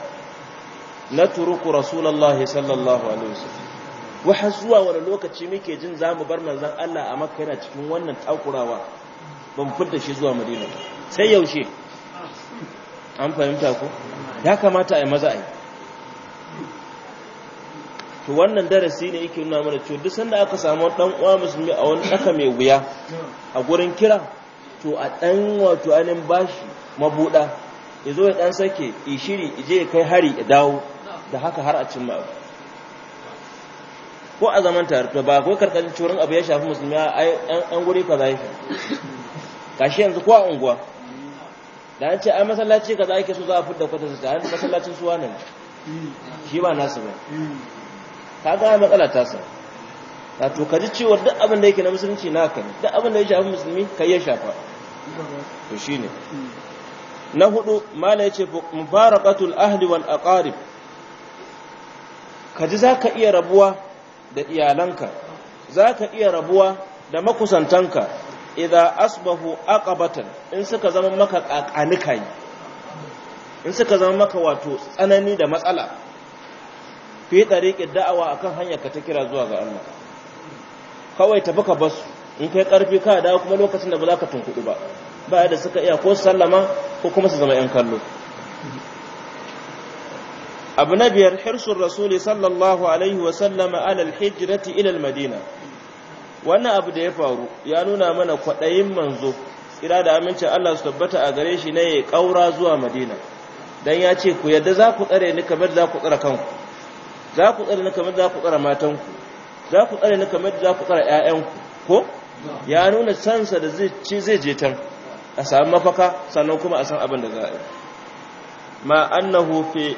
naturuku rasulullahi sallallahu alaihi wasallam wa har zuwa wani lokaci muke jin zamu bar manzon Allah a Makka yana cikin wannan takurawa ban fidda shi zuwa Madina sai yaushe an fahimta ko ya kamata ai maza ai to wannan darasi ne yake nuna mana cewa duk sanda aka samu dan uwa musulmi a wani aka mai wuya a gurin kira to a ɗan wato ainihin bashi mabuɗa ya zo ya ɗan sake ya shiri ya je kai hari ya dawo da haka har a cin abu ko a zaman tare to ba ko karkashin curin abu ya shafi musulmi a an guri kaza yake kashi yanzu ko a unguwa da an ce a masallaci kaza yake so za a fudda kwata ta an masallacin suwa ne shi ba nasu ba ka ga matsala ta sa to ka ji cewa duk abin da yake na musulunci naka ne duk abin da ya shafi musulmi kai ya shafa to shine na hudu mala yace mubarakatul ahli wal aqarib kaji zaka iya rabuwa da iyalanka zaka iya rabuwa da makusantanka idza asbahu aqabatan in suka zama maka kakanikai in suka zama maka wato tsanani da matsala fi tariqi da'awa akan hanyar ka ta kira zuwa ga Allah kawai tafi ka basu in kai karfi ka da kuma lokacin da ba za ka tunkuɗu ba ba da suka iya ko sallama ko kuma su zama 'yan kallo abu na biyar hirsun rasuli sallallahu alaihi wasallama alal hijirati ilal madina wannan abu da ya faru ya nuna mana kwaɗayin manzo ira da amincin Allah su tabbata a gare shi na ya ƙaura zuwa madina don ya ce ku yadda za ku tsare ni kamar za ku tsara kanku za ku tsare ni kamar za ku tsara matanku za ku tsare ni kamar za ku tsara 'ya'yanku ko ya nuna sansa da zai je tan, a sami mafaka sannan kuma a san abin da za a yi ma annahu fi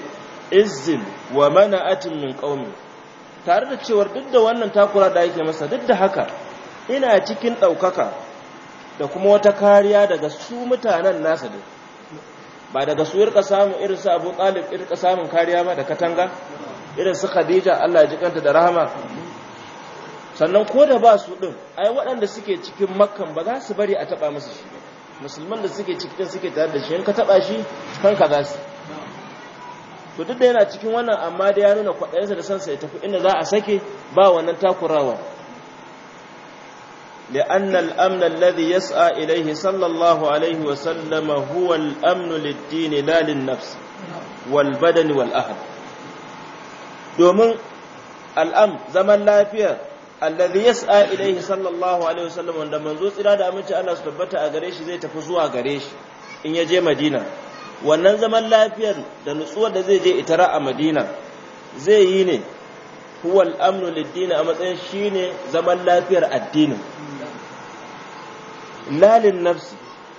izzin wa mana'atin min qaumi tare da cewar duk da wannan takura da yake masa duk da haka ina cikin daukaka da kuma wata kariya daga su mutanen nasa da ba daga su irka samun irin su Abu Talib irka samun kariya ma da katanga irin su Khadija Allah ya jikanta da rahama sannan ko da ba su ɗin ai waɗanda suke cikin makkan ba za su bari a taɓa musu shi musulman da suke cikin suke tare da shi in ka taɓa shi kanka za su to duk da yana cikin wannan amma da ya nuna kwaɗayensa da sansa ya tafi inda za a sake ba wannan takurawa لأن الأمن الذي يسعى إليه صلى الله عليه وسلم هو الأمن للدين لا للنفس والبدن والأهل دومن الأمن زمن لا alladhi yas'a ilayhi sallallahu alaihi wasallam wanda manzo tsira da aminci Allah su tabbata a gare shi zai tafi zuwa gare shi in ya je Madina wannan zaman lafiyar da nutsuwar da zai je itara a Madina zai yi ne huwal amnu lid a matsayin shine zaman lafiyar addinin lalin nafsi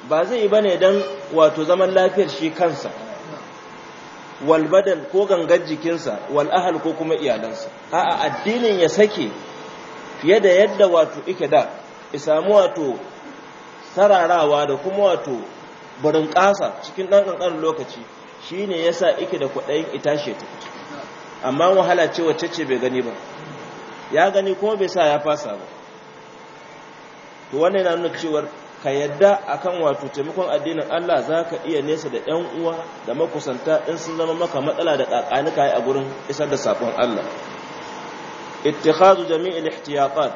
ba zai yi bane dan wato zaman lafiyar shi kansa wal badal ko gangar jikinsa wal ahl ko kuma iyalansa a'a addinin ya sake fiye da yadda wato ike da isamu wato sararawa da kuma wato barin kasa cikin ɗan ƙanƙanin lokaci shi ne ya sa ike da kwaɗayin itace ta amma wahala ce wacce ce bai gani ba ya gani kuma bai sa ya fasa ba to wannan yana nuna cewar ka yadda akan wato taimakon addinin Allah za ka iya nesa da ‘yan uwa da makusanta in sun zama maka matsala da yi a gurin isar da safon Allah ittikhadu al ihtiyatat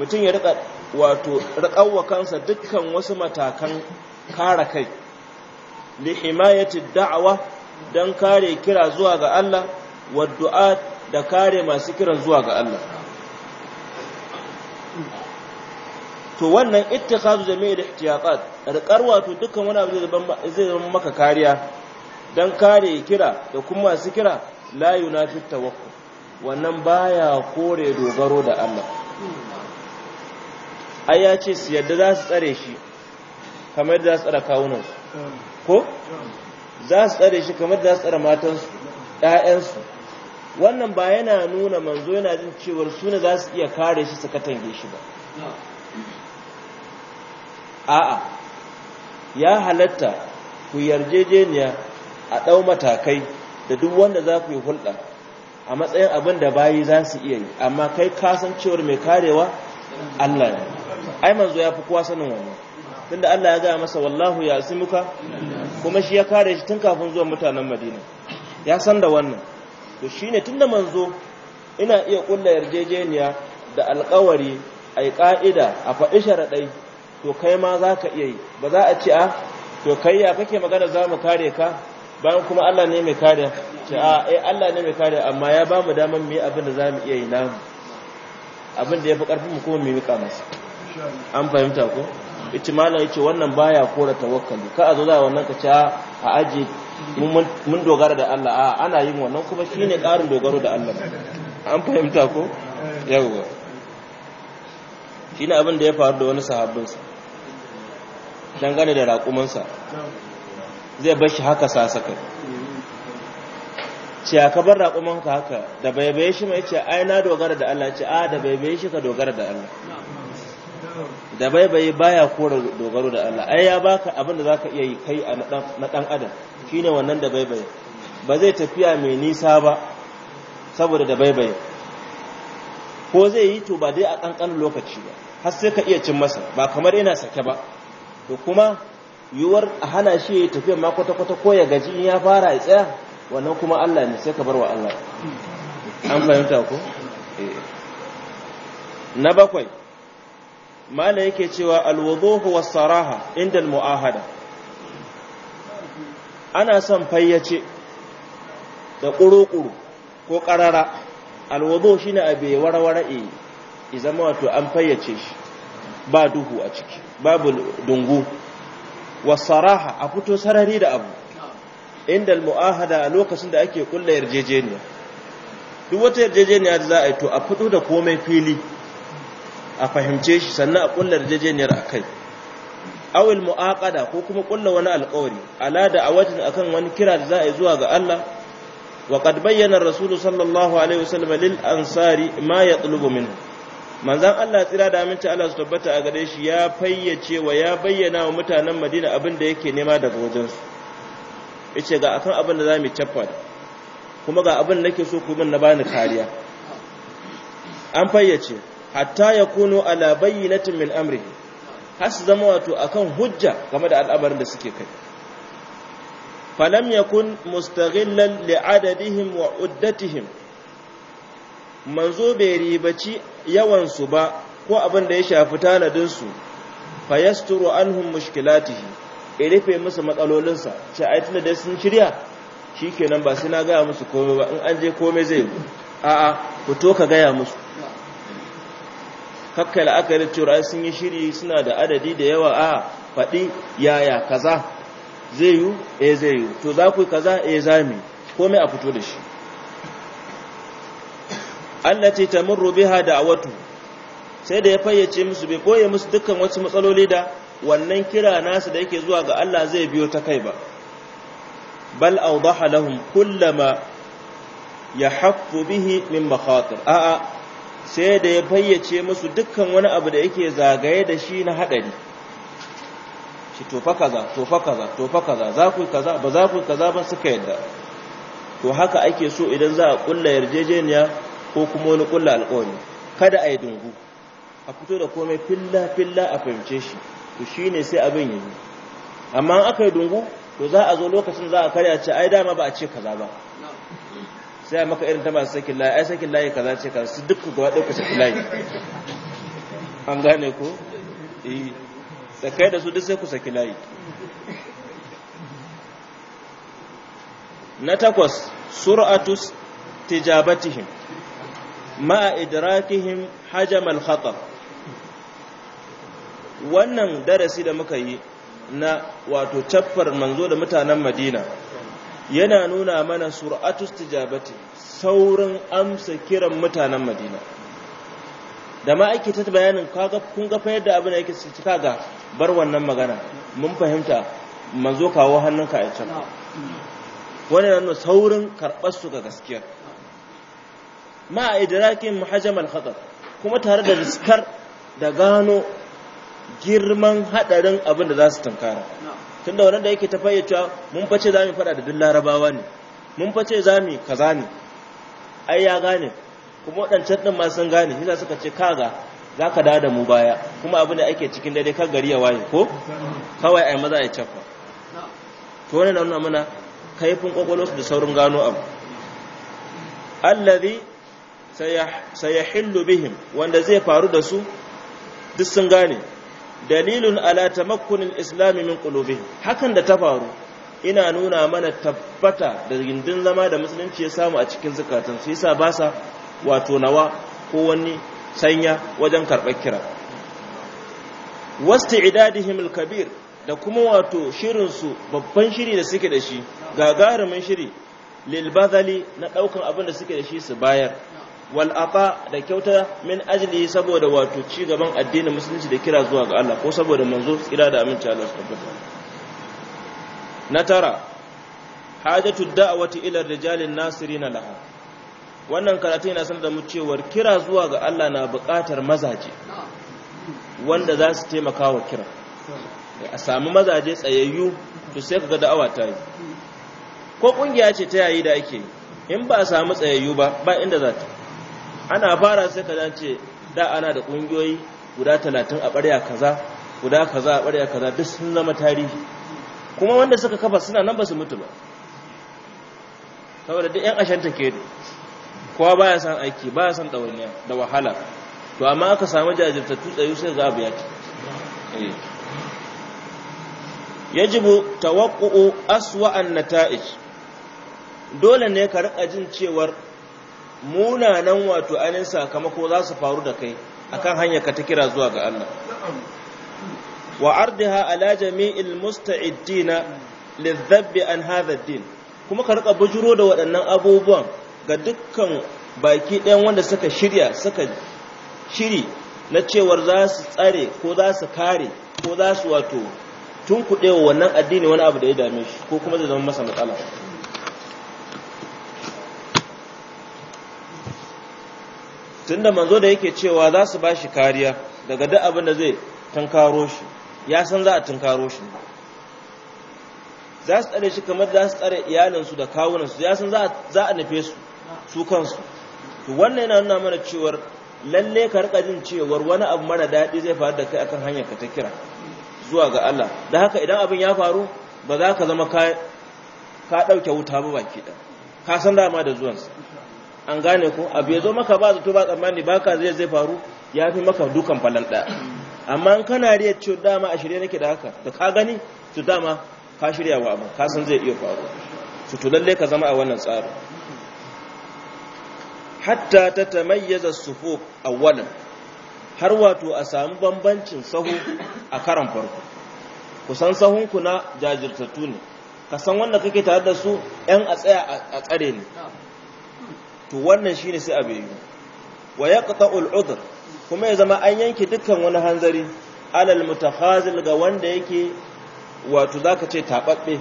mutum ya rika wato rikawa kansa dukkan wasu matakan kare kai li himayati da'wa dan kare kira zuwa ga Allah wa du'a da kare masu kira zuwa ga Allah to wannan ittikhadu al ihtiyatat rikar wato dukkan wani abu zai zama maka kariya dan kare kira da kuma masu kira la yunafi tawakkul wannan baya kore dogaro da Allah ai ya ce su yadda za su tsare shi kamar yadda za su tsara kawunansu ko za su tsare shi kamar yadda za su tsara matansu ɗayansu wannan ba yana nuna manzo yana jin cewar suna ne za su iya kare shi su katange shi ba a'a ya halatta ku yarjejeniya a ɗau matakai da duk wanda za ku yi hulɗa a matsayin abin da bayi za su iya yi amma kai kasancewar mai karewa Allah ne ai manzo ya fi kowa sanin wannan tunda Allah ya gaya masa wallahu ya asimuka kuma shi ya kare shi tun kafin zuwan mutanen Madina ya san da wannan to shine tunda manzo ina iya ƙulla yarjejeniya da alƙawari ai ka'ida a faɗi sharaɗai to kai ma zaka iya yi ba za a ce a ah, to kai ya kake magana za mu kare ka bayan kuma Allah ne mai kariya ce a ah, eh Allah ne mai kariya amma ya ba mu damar mu yi abin da za mu iya yi namu abin da ya fi mu kuma mu miƙa masa an fahimta ko ita mala yace wannan baya kora tawakkali ka a zo za wannan ka ce ah, a aje mun dogara da Allah a ana yin wannan kuma shine ƙarin dogaro da Allah an fahimta ko yawwa shine abin da ya faru da wani sahabbinsa dangane da raƙumansa zai bar shi haka sasaka ce a kabar raƙumanka haka da bai shi mai ce ai na dogara da Allah ce a da bai shi ka dogara da Allah da baibaye baya kora dogaro da Allah ai ya baka abin da zaka iya yi kai a na dan adam shine wannan da bai ba zai tafiya mai nisa ba saboda da bai ko zai yi to ba dai a kankanin lokaci ba har sai ka iya cin masa ba kamar yana sake ba to kuma yiwuwar a hana shi ya tafiya ma kwata-kwata ko ya gaji in ya fara ya tsaya wannan kuma Allah ne sai ka bar wa Allah an fahimta ku? Eh. na bakwai Malam yake cewa alwuduhu wa saraha inda mu'ahada ana son fayyace da ƙuruƙuru kuru ko ƙarara, alwudu shine abe warware eh, yi zama wato an fayyace shi ba duhu a ciki babu dungu wasaraha a fito sarari da abu inda mu'ahada a lokacin da ake kulla yarjejeniya duk wata yarjejeniya da za a yi to a fito da komai fili a fahimce shi sannan a kulla yarjejeniyar a kai awil mu'aqada ko kuma kulla wani alƙawari ala da awatin akan wani kira da za a yi zuwa ga Allah wa qad bayyana rasulullahi sallallahu alaihi wasallam lil ansari ma yatlubu minhu manzan Allah tsira da aminci Allah su tabbata a gare shi ya fayyace wa ya bayyana wa mutanen Madina abin da yake nema daga wajensu ce ga akan abin da za zamu cappa kuma ga abin da nake so ku min na bani kariya an fayyace hatta ya kunu ala bayyinatin min amrihi har su zama wato akan hujja game da al'amarin da suke kai falam yakun mustaghillan li adadihim wa uddatihim manzo bai ribaci yawansu ba ko abin da ya shafi tanadinsu fa yasturu anhum mushkilatihi ya rufe musu matsalolinsa ce ai tunda da sun shirya shikenan ba sai na gaya musu komai ba in an je komai zai yi a'a ku to ka gaya musu kakkai la'akari cewa sun yi shiri suna da adadi da yawa a faɗi yaya kaza zai yi eh zai yi to za ku kaza eh komai a fito da shi allati tamurru biha da'watu sai da ya fayyace musu bai koye musu dukkan wasu matsaloli da wannan kira nasu da yake zuwa ga Allah zai biyo ta kai ba bal awdaha lahum kullama yahaffu bihi min makhatir a'a sai da ya fayyace musu dukkan wani abu da yake zagaye da shi na hadari shi tofa kaza tofa kaza tofa kaza za ku kaza ba za ku kaza ba suka yadda to haka ake so idan za a kulla yarjejeniya ko kuma wani kulla alƙawari kada a yi dungu a fito da komai filla filla a fahimce shi to shi ne sai abin yi amma an aka yi dungu to za a zo lokacin za a karya ce ai dama ba a ce kaza ba sai a maka irin ta masu sakin layi ai sakin layi kaza ce kaza su duk gaba ɗauka sakin layi an gane ko eh tsakai da su duk sai ku saki layi na takwas sur'atus tijabatihim ma idrakihim hajam al wannan darasi da muka yi na wato caffar manzo da mutanen Madina yana nuna mana sur'atu istijabati saurin amsa kiran mutanen Madina da ma ake ta bayanin kaga kun ga yadda abin yake cika ga bar wannan magana mun fahimta manzo kawo hannunka a can wannan saurin karɓar su ga gaskiya ma idrakin muhajjam khatar kuma tare da riskar da gano girman hadarin abin da za su tunkara tunda wannan da yake ta fayyacewa mun ce za mu fada da duk larabawa ne mun ce za mu kaza ne ai ya gane kuma waɗancan ɗin ma sun gane shi suka ce ga za ka da mu baya kuma abin da ake cikin daidai kan gari ya waye ko kawai ai maza ya cafa to wannan nuna mana kaifin kwakwalwarsu da saurin gano abu allazi sayahillu bihim wanda zai faru da su duk sun gane dalilun ala tamakkunil islami min qulubihim hakan da ta faru ina nuna mana tabbata da gindin zama da musulunci ya samu a cikin zakatan su yasa ba sa wato nawa ko wani sanya wajen karɓar kira wasta idadihim kabir da kuma wato shirinsu babban shiri da suke da shi gagarumin shiri lilbazali na ɗaukan abin da suke da shi su bayar Wal'afa da kyauta min ajili saboda wato ci gaban addinin musulunci da kira zuwa ga Allah ko saboda manzo tsira da aminci Allah su tabbata na tara hajatu da'wati ila rijalin nasirina laha wannan karatu yana sanar da mu cewar kira zuwa ga Allah na buƙatar mazaje wanda za su taimaka wa kira a samu mazaje tsayayyu to sai kaga da'awa ta yi ko kungiya ce ta yayi da ake yi, in ba a samu tsayayyu ba ba inda za ta ana fara sai ka dace da ana da ƙungiyoyi guda talatin a ɓarya kaza guda kaza a ɓarya kaza duk sun zama tarihi kuma wanda suka kafa suna nan ba su mutu ba saboda duk yan ashanta ke kowa baya san aiki baya san ɗawainiya da wahala to amma aka samu jajirta tsayu sai za a biya ki eh. yajibu tawakku'u aswa'an nata'ij dole ne ka rika jin cewar munanan wato ainihin sakamako za su faru da kai akan hanyar ka ta kira zuwa ga Allah wa ardiha ala jami'il musta'iddina lidhabbi an hadha din kuma ka rika bujuro da waɗannan abubuwan ga dukkan baki ɗayan wanda suka shirya suka shiri na cewar za su tsare ko za su kare ko za su wato tunkuɗe wa wannan addini wani abu da ya dame shi ko kuma zai zama masa matsala tunda manzo da yake cewa za su ba shi kariya daga duk abin da zai tunkaro shi ya san za a tunkaro shi za su tsare shi kamar za su tsare iyalinsu da kawunansu ya san za a nufe su su kansu to wannan yana nuna mana cewar lalle ka rika jin cewar wani abu mara daɗi zai faru da kai akan hanyar ka ta kira zuwa ga Allah da haka idan abin ya faru ba za ka zama ka ɗauke wuta ba baki ɗan ka san dama da zuwansa an gane ku. abu ya zo maka ba zato ba tsammani ba ka zai zai faru ya fi maka dukan falon ɗaya amma in kana riya ce dama a shirya nake da haka da ka gani su dama ka shirya wa abu ka san zai iya faru su to lalle ka zama a wannan tsarin hatta ta tamayyaza a awwalan har wato a sami bambancin sahu a karan farko kusan sahunku na jajirtattu ne ka san wanda kake tare da su ‘yan a tsaya a tsare ne to wannan shi ne sai abu yi wa ya yaqta'ul ul'udur? kuma ya zama an yanke dukkan wani hanzari alal mutakhazil ga wanda yake wato za ka ce tababbe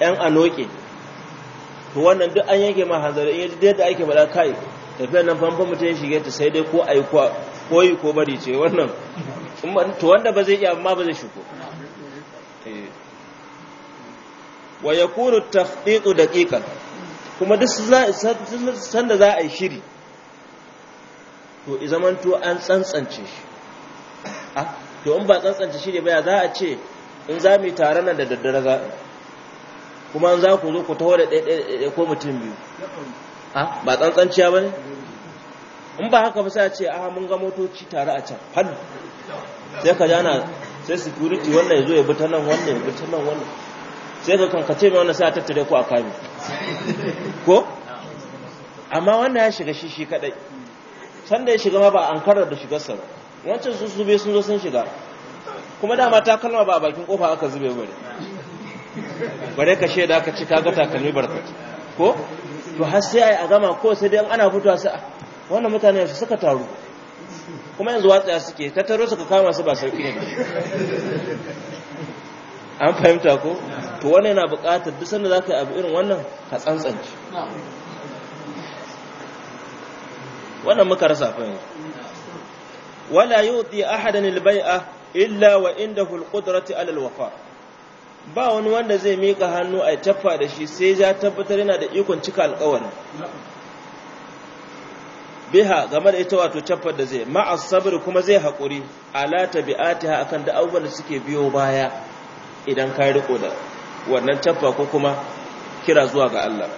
yan anoke to wannan duk an yanke ma hanzari in yaji da ake bada kai tafiyar nan famfan mutum shige ta sai dai ko ayi ko koyi ko bari ce wannan to wanda ba zai iya amma ba zai shigo. Eh. wa yakunu at da daqiqan kuma duk sanda za a yi shiri to izamanto an tsantsance shi ah, to in ba tsantsance shiri ba ya za a ce in za mu yi tare nan da daddare za kuma an za ku zo ku taho da ɗaiɗaiɗaiɗai ko mutum biyu ah, ba tsantsanciya ba ne in ba haka ba sai a ce aha mun ga motoci tare a can hannu, sai ka jana sai security wannan ya zo ya bi ta nan wannan ya bi ta nan wannan sai ka kan kace mai wannan sai a tattare ku a kame ko amma wannan ya shiga shi shi kadai sanda ya shiga ma ba an karar da shigar sa wancan su be sun zo sun shiga kuma dama ta kalma ba a bakin kofa aka zube bare bare ka shaida ka ci kaga takalmi barkaci ko to har sai ai a gama ko sai dai ana fitowa sai wannan mutane su suka taru kuma yanzu watsaya suke tattaro suka kama su ba sauki ne an fahimta ko to wannan yana buƙatar duk sanda zaka yi abu irin wannan ka tsantsance wannan muka rasa fahimta wala yuti ahadan albay'a illa wa indahu alqudrati ala alwafa ba wani wanda zai mika hannu a taffa da shi sai ya tabbatar yana da ikon cika alƙawarin biha game da ita wato taffar da zai ma'as sabr kuma zai hakuri ala tabi'atiha akan da abubuwan da suke biyo baya idan ka riko da wannan tabba ko kuma kira zuwa ga Allah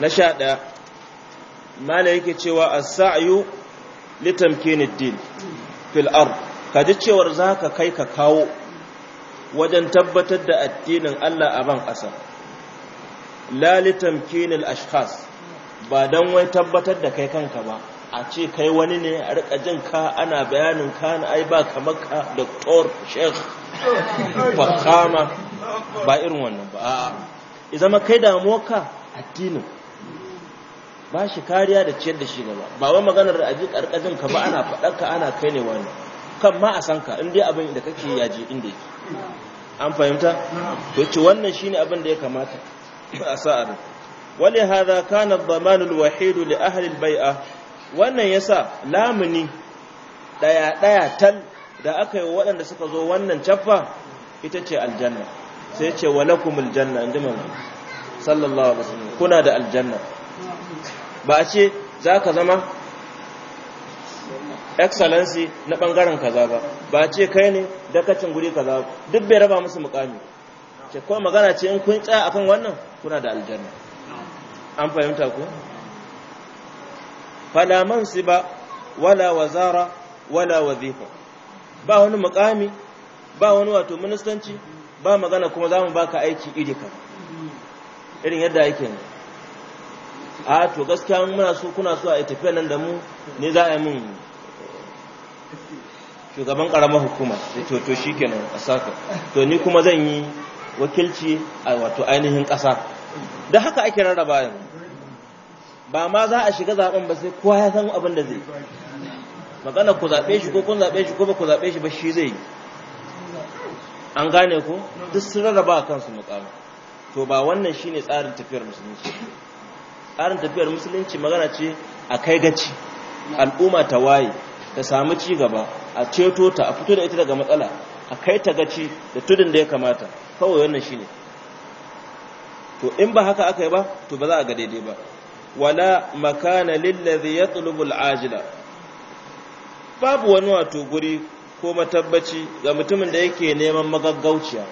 na sha ɗaya mala yake cewa as-sa'yu li tamkinid din fil ard kaji cewar zaka kai ka kawo wajen tabbatar da addinin Allah a ban ƙasa la li al ashkhas ba dan wai tabbatar da kai kanka ba a ce kai wani ne a rika jin ka ana bayanin ka na ai ba kamar ka doktor sheikh fakama ba irin wannan ba a izama kai damuwa ka addinin ba shi kariya da ciyar da shi gaba ba wai maganar da aji karkajin ka ba ana faɗar ka ana kai ne wani kan ma a san ka in dai abin da kake yaji inda yake an fahimta to ce wannan shine abin da ya kamata a sa'ar wali hadha kana ad-daman al-wahid li ahli al-bai'ah wannan ya sa lamuni ɗaya-ɗaya tal da aka yi waɗanda suka zo wannan caffa ita ce aljanna sai ce wa lakum aljanna inda manzo sallallahu alaihi wasallam kuna da aljanna ba a ce za ka zama excellency na ɓangaren kaza ba ba ce kai ne dakacin guri kaza duk bai raba musu mukami ce kuma magana ce in kun tsaya akan wannan kuna da aljanna an fahimta ku fala mansiba wala wazara wala wazifa ba wani mukami ba wani wato ministanci ba magana kuma zamu baka aiki iri ka irin yadda yake ne a to gaskiya muna so kuna so a tafiya nan da mu ne za a yi mun shugaban karamar hukuma to to shikenan a saka to ni kuma zan yi wakilci a wato ainihin ƙasa da haka ake rarraba yanzu ba ma za a shiga zaben ba sai kowa ya san abin da zai magana ku zaɓe shi ko kun zaɓe shi ko ba ku zaɓe shi ba shi zai an gane ku duk sun rarraba a kansu mukamu to ba wannan shine tsarin tafiyar musulunci tsarin tafiyar musulunci magana ce a kai gaci al'umma ta waye ta samu ci gaba a ceto ta a fito da ita daga matsala a kai ta gaci da tudun da ya kamata kawai wannan shine to in ba haka aka yi ba to ba za a ga daidai ba wala makana lillazi yatlubu ajila babu wani wato guri ko matabbaci ga mutumin da yake neman magaggauciya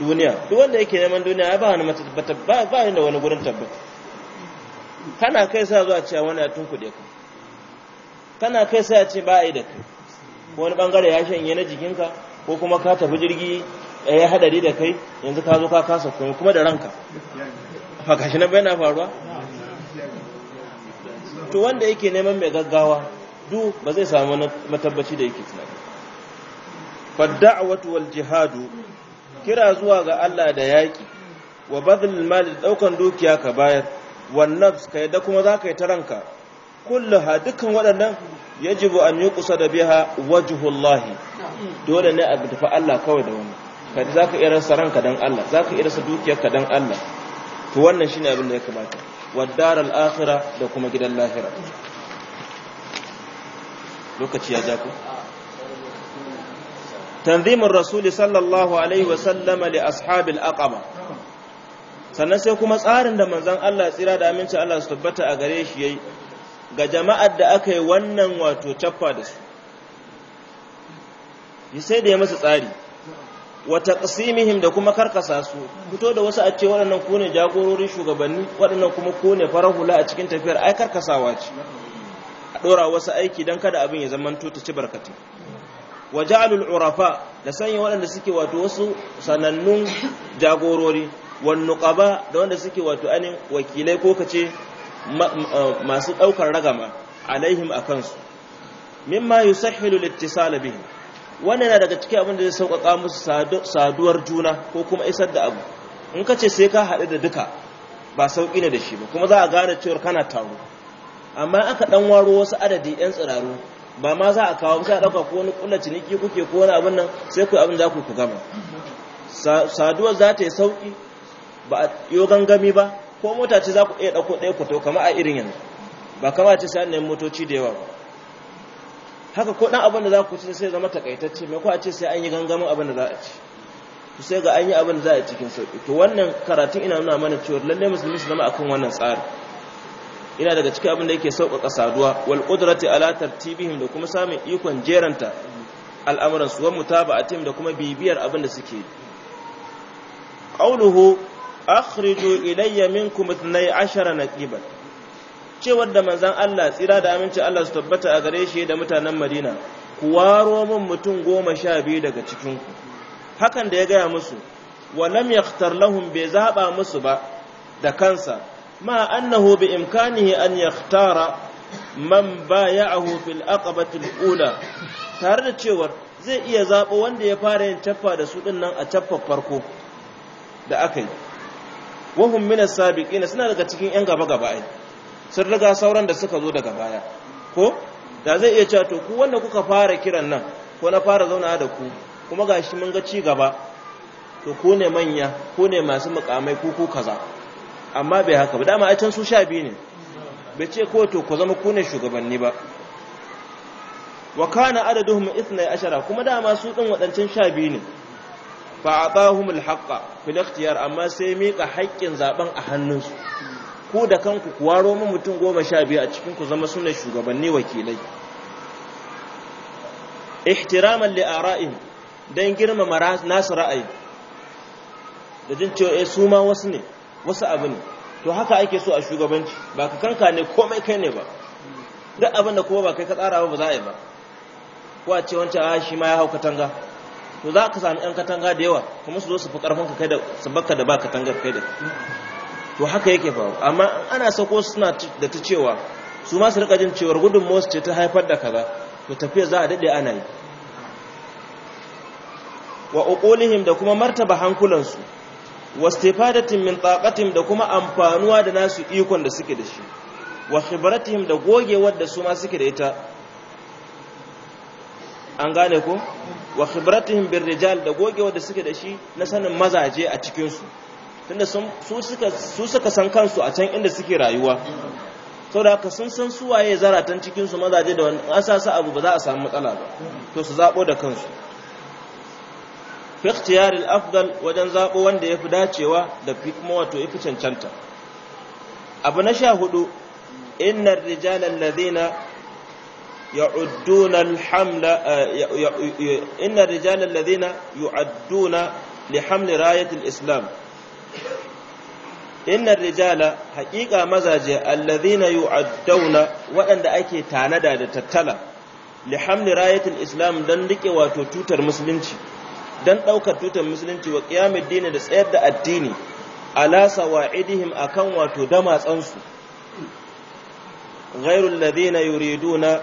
duniya duk wanda yake neman duniya ba wani matabbata ba ba inda wani gurin tabbata kana kai sa zuwa cewa wani ya tunkuɗe ka kana kai sa ce ba a yi da kai wani bangare ya shanye na jikinka ko kuma ka tafi jirgi ya hadari da kai yanzu ka zo ka kasa kuma da ranka ba gashi na bai faruwa to wanda yake neman mai gaggawa du ba zai samu matabbaci da yake tunani fadda'awatu wal jihadu kira zuwa ga Allah da yaki wa badl mal daukan dukiya ka bayar wan nafs kai da kuma zaka yi taranka ha dukkan waɗannan yajibu an kusa da biha wajhullahi dole ne a tafi Allah kawai da wannan kai zaka iya rasa ranka dan Allah zaka iya rasa dukiyarka dan Allah to wannan shine abin da ya kamata waddar al-akhirah da kuma gidan lahira lokaci ya ja ku tanzimin rasuli sallallahu alaihi wasallama li ashabil aqama sannan sai kuma tsarin da manzon Allah tsira da aminci Allah su tabbata a gare shi yayi ga jama'ar da aka yi wannan wato cappa da su sai da ya masa tsari wa taqsimihim da kuma karkasa su fito da wasu a ce waɗannan ku ne jagororin shugabanni waɗannan kuma ku ne farar hula a cikin tafiyar ai karkasawa ce a ɗora wasu aiki don kada abin ya zama ta ci barkatai wa ja'alul urafa da sanya waɗanda suke wato wasu sanannun jagorori wan nuqaba da wanda suke wato anin wakilai ko kace masu ɗaukar ragama alaihim akansu mimma yusahhilu al-ittisala bihim wannan yana daga cikin abin da zai sauƙaƙa musu saduwar juna ko kuma isar da abu in ka ce sai ka haɗu da duka ba sauƙi ne da shi ba kuma za a gane cewar kana taro amma aka ɗan waro wasu adadi 'yan tsiraru ba ma za a kawo sai a ɗauka ko wani ƙulla ciniki kuke ko wani abin nan sai ku abin za ku ku gama saduwar za ta yi sauƙi ba a yi gangami ba ko mota ce za ku iya ɗauko ɗaya ku to kama a irin yanzu ba kama ce sai an nemi motoci da yawa ba haka ko dan abin da za ku ci sai zama takaitacce mai ko a ce sai an yi gangamin abin da za a ci to sai ga an yi abin da za a cikin sauki to wannan karatun ina nuna mana cewa lalle musulmi su zama akan wannan tsari ina daga cikin abin da yake sauƙaƙa saduwa wal qudrati ala tartibihim da kuma samun ikon jeranta al'amuran su wan mutaba'atihim da kuma bibiyar abin da suke qauluhu akhriju ilayya minkum 12 naqiban cewar da manzan Allah tsira da aminci Allah su tabbata a gare shi da mutanen Madina ku waro min mutum goma sha biyu daga cikinku hakan da ya gaya musu wa lam yakhtar lahum bai zaba musu ba da kansa ma annahu bi imkanihi an yakhtara man baya'ahu fil aqabati al-ula tare da cewar zai iya zaɓo wanda ya fara yin caffa da su ɗin nan a caffar farko da aka yi wahun minas sabiƙina suna daga cikin 'yan gaba-gaba ai sun riga sauran da suka zo daga baya ko da zai iya cewa to ku wanda kuka fara kiran nan ko na fara zauna da ku kuma gashi mun ga ci gaba to ku ne manya ku ne masu mukamai ku, ku kaza amma bai haka ba dama a can su sha biyu ne bai ce ko to ku zama ku ne shugabanni ba wa kana adaduhum 12 kuma dama su din wadancan biyu ne fa atahumul haqqa fil ikhtiyar amma sai mika haƙƙin zaben a hannunsu ku da kanku kuwa waro mutum goma sha biyu a cikin ku zama sune shugabanni wakilai ihtiraman li ara'in dan girmama nasu ra'ayi da jin cewa eh su ma wasu ne wasu abu ne to haka ake so a shugabanci ba ka kanka ne komai kai ne ba duk abin da kuma ba kai ka tsara ba za a yi ba ko a ce wancan a ah, shi ma ya hau katanga to za ka sami yan katanga da yawa kuma su zo su fi karfin ka kai da su bakka da ba katangar kai da to haka yake faru amma ana sako suna da ta cewa su ma su rika jin cewar gudun mosu ce ta haifar da kaza to tafiya za a dade ana yi wa uqulihim da kuma martaba hankulansu wastifadatin min taqatim da kuma amfanuwa da nasu ikon da suke da shi wa khibratihim da gogewar da su ma suke da ita an gane ku? wa khibratihim birrijal da gogewar da suke da shi na sanin mazaje a cikin su tunda su suka san kansu a can inda suke rayuwa sau da haka sun san suwaye zaratan cikinsu mazaje da wani asasa abu ba za a samu matsala ba to su zaɓo da kansu fiktiyar al'afdal wajen zaɓo wanda ya fi dacewa da fi kuma wato ya fi cancanta abu na sha hudu innar rijalan lazina يعدون الحمل إن الرجال الذين يعدون لحمل islam innar rijala haƙiƙa mazaje a yu'addauna waɗanda ake tanada da tattala li hamli islam dan rike wato tutar musulunci dan ɗaukar tutar musulunci wa qiyamid dini da tsayar da addini ala sawa'idihim akan wato damatsan su ghairu allazina yuriduna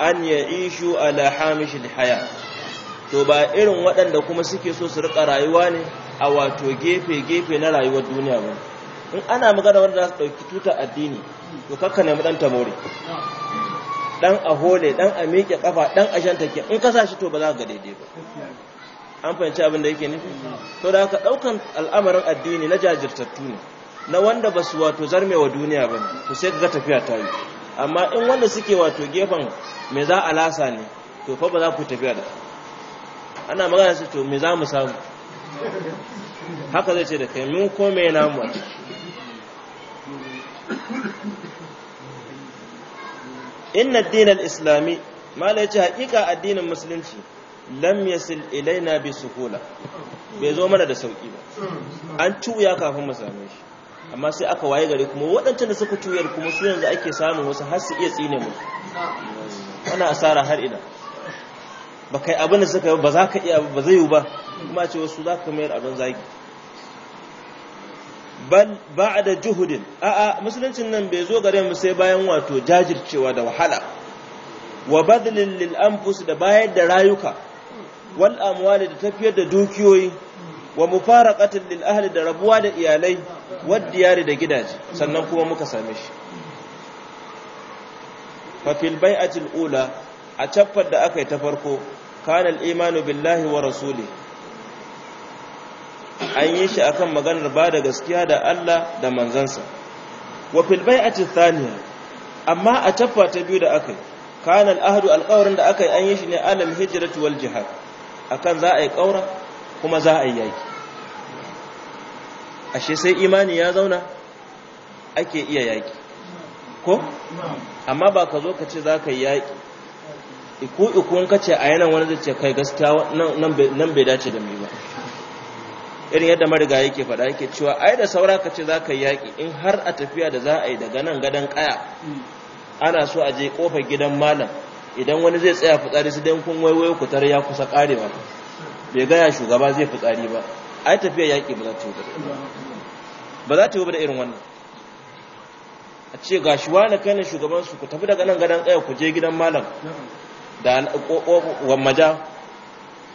an ya'ishu ala hamishil haya to ba irin waɗanda kuma suke so su riƙa rayuwa ne a wato gefe-gefe na rayuwar duniya ba in ana magana wanda za su ɗauki tutar addini to kakka ne ɗan tamori ɗan a hole ɗan a miƙe ƙafa ɗan a shanta ke in ka sa shi to ba za ka ga daidai ba an fahimci abin da yake ne to da ka ɗaukan al'amarin addini na jajirtattu ne na wanda ba su wato zarmewa duniya ba ne to sai ka ga tafiya ta yi amma in wanda suke wato gefen me za a lasa ne to fa ba za ku tafiya da ana magana su to me za mu samu haka zai ce da kai mun kome na mu inna inna al islami mala yace ce addinin musulunci lam yasil ilaina bi suhula bai zo mana da sauki ba an tuya kafin mu same shi amma sai aka waye gari kuma waɗancan da suka tuyar kuma su yanzu ake samun wasu har su iya tsine mu. ana asara har ina ba kai abin da suka ba za ka iya ba zai yi ba kuma ce wasu za ka mayar abin zagi ba da juhudin a'a musuluncin nan bai zo gare mu sai bayan wato jajircewa da wahala wa badlin lil da bayar da rayuka wal amwali da tafiyar da dukiyoyi wa fara katin lil'ahali da rabuwa da iyalai wadda da gidaje sannan kuma muka same shi fa a bai'atil ula a caffar da aka yi ta farko kana al-imanu billahi wa rasuli an yi shi akan maganar ba da gaskiya da Allah da manzansa wa fil bai'ati thaniya amma a tafa ta biyu da akai kana al-ahdu alqawrin da akai an yi shi ne alal hijratu wal jihad akan za a yi kaura kuma za a yi yaki ashe sai imani ya zauna ake iya yaki ko amma ba ka zo ka ce za ka yi yaki iku iku in kace a yanan wani zai ce kai gaskiya nan bai dace da mu ba irin yadda mariga yake faɗa yake cewa ai da saura ka ce za ka yi yaƙi in har a tafiya da za a yi daga nan gadon ƙaya ana so a je ƙofar gidan malam idan wani zai tsaya fitsari su dan kun waiwayo ku tar ya kusa ƙarewa bai gaya shugaba zai fitsari ba ai tafiya yaƙi ba za ta yi ba za ta yi ba da irin wannan a ce ga shi wani kai shugaban shugabansu ku tafi daga nan gadon ƙaya ku je gidan malam da maja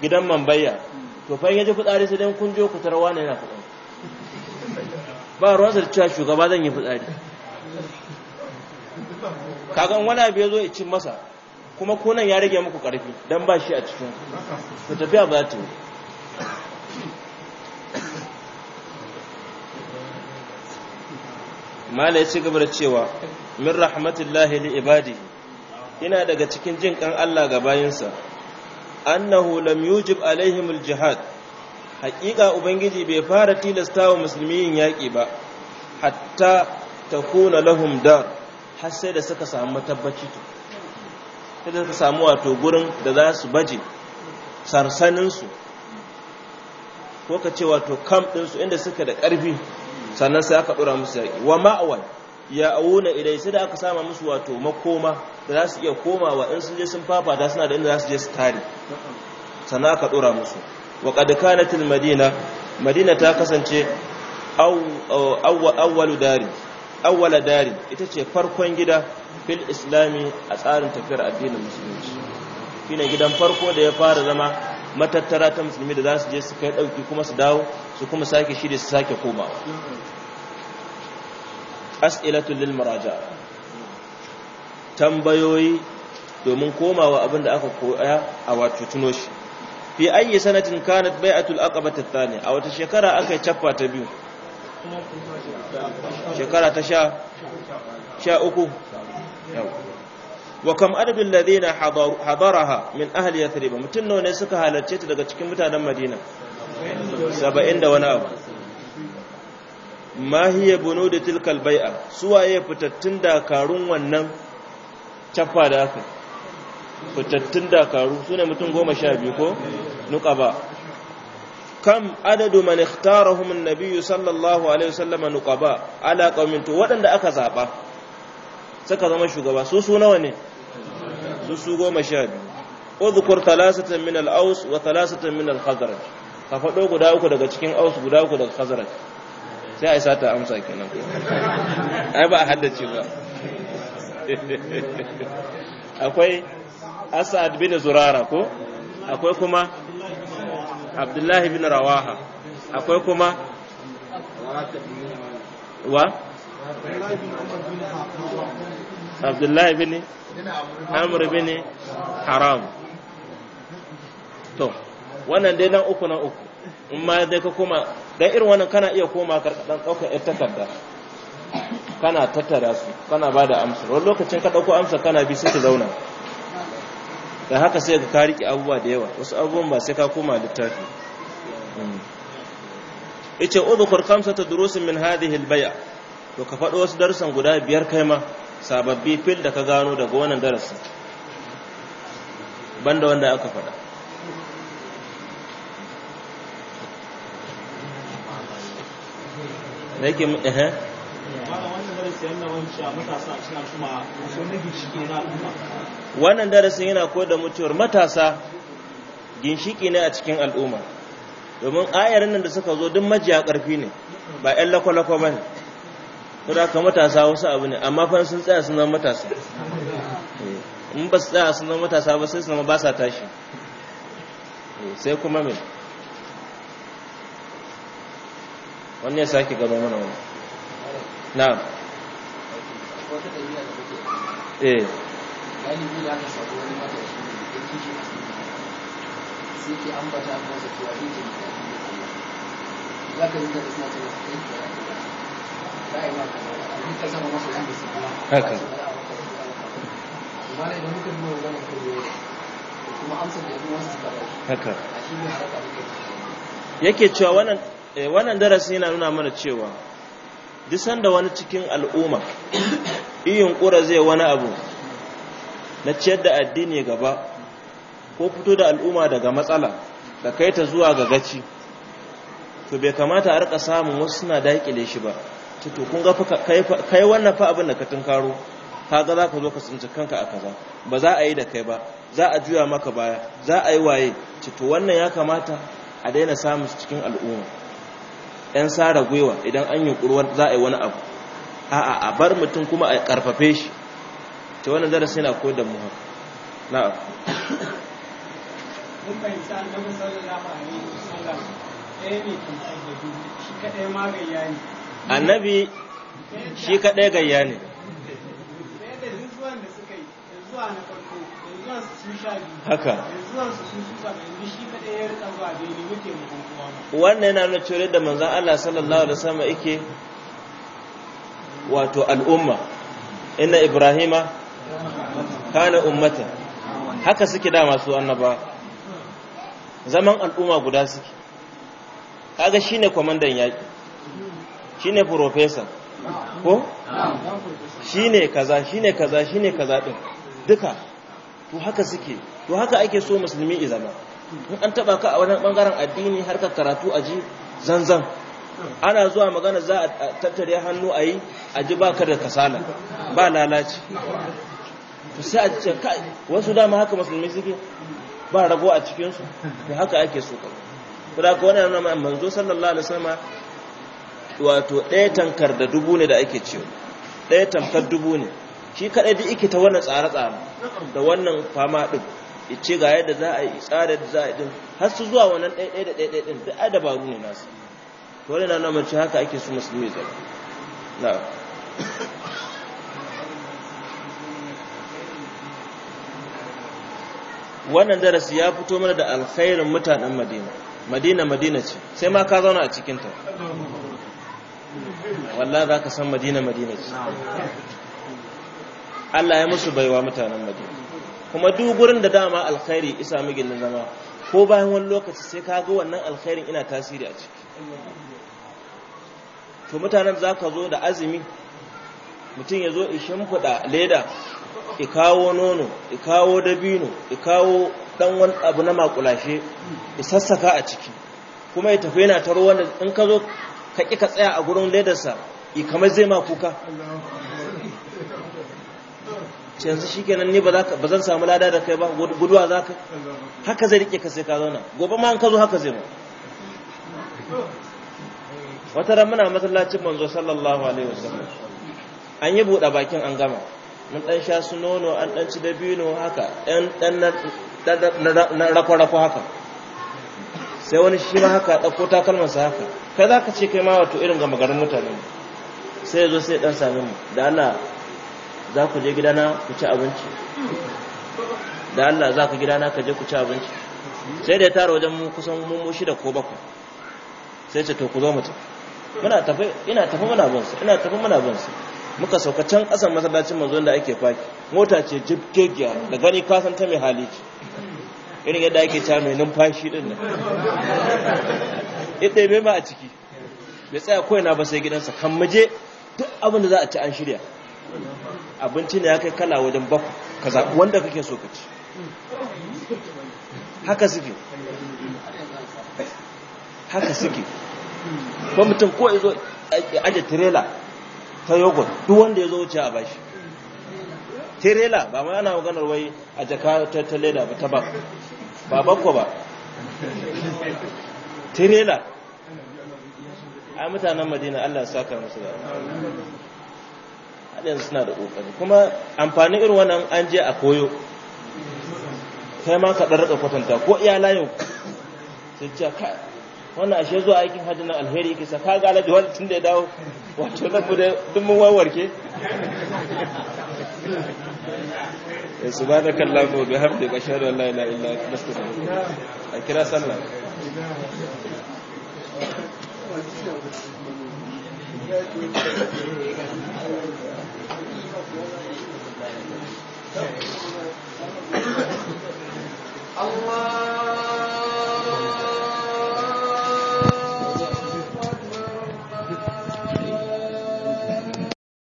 gidan mambayya hmm. to fa yaje fitsari sai dan kun je ku tarwa ne yana fitsari ba ruwan da cewa shugaba zan yi fitsari kaga wani abu ya zo ya cin masa kuma konan ya rage muku karfi dan ba shi a cikin ku tafiya ba ta mala ya ci gaba da cewa min rahmatullahi li ibadihi yana daga cikin jin kan Allah ga bayinsa annahu lam yujib alaihim aljihad haƙiƙa ubangiji bai fara tilasta wa musulmi yin yaƙi ba hatta takuna lahum dar har sai da suka samu matabbaci to, sai da suka samu wato gurin da za su baje sarsanin su ko ka ce wato camp din su inda suka da ƙarfi sannan sai aka dora musu yaƙi wa ma'awai ya auna idai sai da aka sama musu wato makoma da za su iya komawa in sun je sun fafata suna da inda za su je su tare sana aka dora musu wa qad madina madina ta kasance awwalu dari awwala dari ita ce farkon gida fil islami a tsarin tafiyar addinin musulunci shine gidan farko da ya fara zama matattara ta musulmi da za su je su kai dauki kuma su dawo su kuma sake shirye su sake komawa as'ilatul lil muraja tambayoyi domin komawa abinda aka koya a wato tuno shi fi ayyi sanatin kanat bai'atul aqabata athani a wata shekara aka cappa ta biyu shekara ta sha sha uku wa kam adadul ladina hadaraha min ahli yathrib mutun ne suka halarce ta daga cikin mutanen madina 70 da wani abu ma hiya da tilkal bai'a waye fitattun dakarun wannan cafa da aka fitattun dakaru sune mutum goma sha biyu ko ba kam adadu man ikhtarahum an-nabiy sallallahu alaihi wasallam nuqaba ala qaumin to wadanda aka zaba suka zama shugaba su su nawa ne su su goma sha biyu udhkur thalathatan min al-aws wa thalathatan min al-khazraj ka fado guda uku daga cikin aus guda uku daga khazraj sai a isa ta amsa kenan ai ba a haddace ba akwai asad bin zurara ko akwai kuma abdullahi bin rawaha akwai kuma wa abdullahi bin amr bin haram to wannan dai nan uku na uku in ma dai ka kuma dan irin wannan kana iya koma karkadan ɗaukar yar takarda kana tattara su kana bada amsa, amsar wani lokacin ka dauko amsa kana bi sai ta zauna da haka sai ka riƙe abubuwa da yawa wasu abubuwan ba sai ka koma littafi ice hmm. udhkur khamsata durusin min hadhihi albaya to ka fado wasu darussan guda biyar kai ma sababbi fil da ka gano daga wannan darasin banda wanda aka faɗa Ne yake mu ehe? Eh? wannan darasin yana koyar da mutuwar matasa ginshiki ne a cikin al'umma domin ayar nan da suka zo duk majiya ƙarfi ne ba 'yan lakwalakwa ba ne kuda ka matasa wasu abu ne amma fa sun tsaya sun zama matasa eh, in ba su tsaya sun zama matasa ba sai su zama ba sa tashi eh, sai kuma mai wani ya sake gano mana wani eh. na yake cewa wannan eh wannan darasi yana nuna mana cewa duk sanda wani cikin al'umma iyin kura zai wani abu na ciyar da addini gaba ko fito da al'umma daga matsala da kai ta zuwa ga gaci to bai kamata a rika samun wasu suna daƙile shi ba to kun ga kai wannan fa abin da ka tunkaro kaga za ka zo ka tsinci kanka a kaza ba za a yi da kai ba za a juya maka baya za a yi waye to wannan ya kamata a daina samun cikin al'umma yan sara gwiwa idan an yi kurwar za a yi wani abu a'a a bar mutum kuma a karfafe shi ta wani darasi na koyar da mu na a annabi shi kaɗai gayya ne haka wannan yana nuna cewa da manzon Allah sallallahu alaihi wasallam yake wato al'umma inna ibrahima kana ummata haka suke da masu annaba zaman al'umma guda suke kaga shine kwamandan yaki shine professor ko shine kaza shine kaza shine kaza din duka to haka suke to haka ake so musulmi ya zama in an taba ka a wani bangaren addini har ka karatu a ji zanzan ana zuwa magana za a tattare hannu a yi a ji ba ka da kasala ba lalaci sai a ce kai wasu dama haka musulmi suke ba rago a cikinsu to haka ake so ka da ko wannan nan manzo sallallahu alaihi wasallam wato ɗaya tankar da dubu ne da ake cewa ɗaya tankar dubu ne shi kaɗai duk ikita wannan tsare-tsare da wannan fama ɗin ce ga yadda za a yi tsare da za a yi din har su zuwa wannan ɗaiɗai da ɗaiɗai ɗin da dabaru ne nasu wani na namun ci haka ake su musulmi zai na wannan darasi ya fito mana da alkhairin mutanen madina madina madina ce sai ma ka zauna a cikinta wallah za ka san madina madina ce Allah ya musu baiwa mutanen Madina kuma duk gurin da dama alkhairi isa migin zama ko bayan wani lokaci sai ka ga wannan alkhairin ina tasiri a ciki to mutanen za ka zo da azumi mutum ya zo ishin fuda leda i kawo nono i kawo dabino i kawo dan wani abu na makulashe i sassaka a ciki kuma ya tafi yana taro wanda in ka zo ka ƙi ka tsaya a gurin ledarsa i kamar zai ma kuka ce yanzu shi kenan ne ba zan samu lada da kai ba guduwa za ka haka zai rike ka sai ka zauna gobe ma an ka zo haka zai ma wata ran muna masallacin manzo sallallahu alaihi wasallam an yi buɗe bakin an gama mun ɗan sha su nono an ɗan ci dabino haka ɗan dan na rako-rako haka sai wani shi ma haka ɗauko sa haka kai za ka ce kai ma wato irin gama garin mutane sai ya zo sai ɗan sami mu da Allah za ku je gidana ku ci abinci da Allah za ku gidana ka je ku ci abinci sai da ya tara wajen mu kusan mu shida ko bakwai sai ce to ku zo mu muna tafi ina tafi muna bin su ina tafi muna bin su muka sauka can kasan masallacin manzo da ake faki mota ce jib da gani ka san ta mai hali ce irin yadda ake ta mai numfashi din nan ita bai ba a ciki bai tsaya ko ina ba sai gidansa kan muje duk abin da za a ci an shirya abinci ne ya kai kala wajen baku ka zaɓi wanda kake so ka ci haka suke haka suke ba mutum ko ya zo aje tirela ta yogurt duk wanda ya zo wuce a bashi tirela ba ma yana maganar wai a jaka ta ta ba ta ba ba bakwa ba tirela a mutanen madina allah saka musu da yanzu suna da ƙoƙari kuma amfani irin wannan an je a koyo kai ma ka ɗarɗa kwatanta ko iya layo sai ce ka wannan ashe zuwa aikin hajji na alheri yake sa ka galabi wani tun da ya dawo wato na bude da duk mun warwarke ya su ba da kallon mu bi har da ƙashar da wallahi Allah ila ila a kira sallah Thank you. الله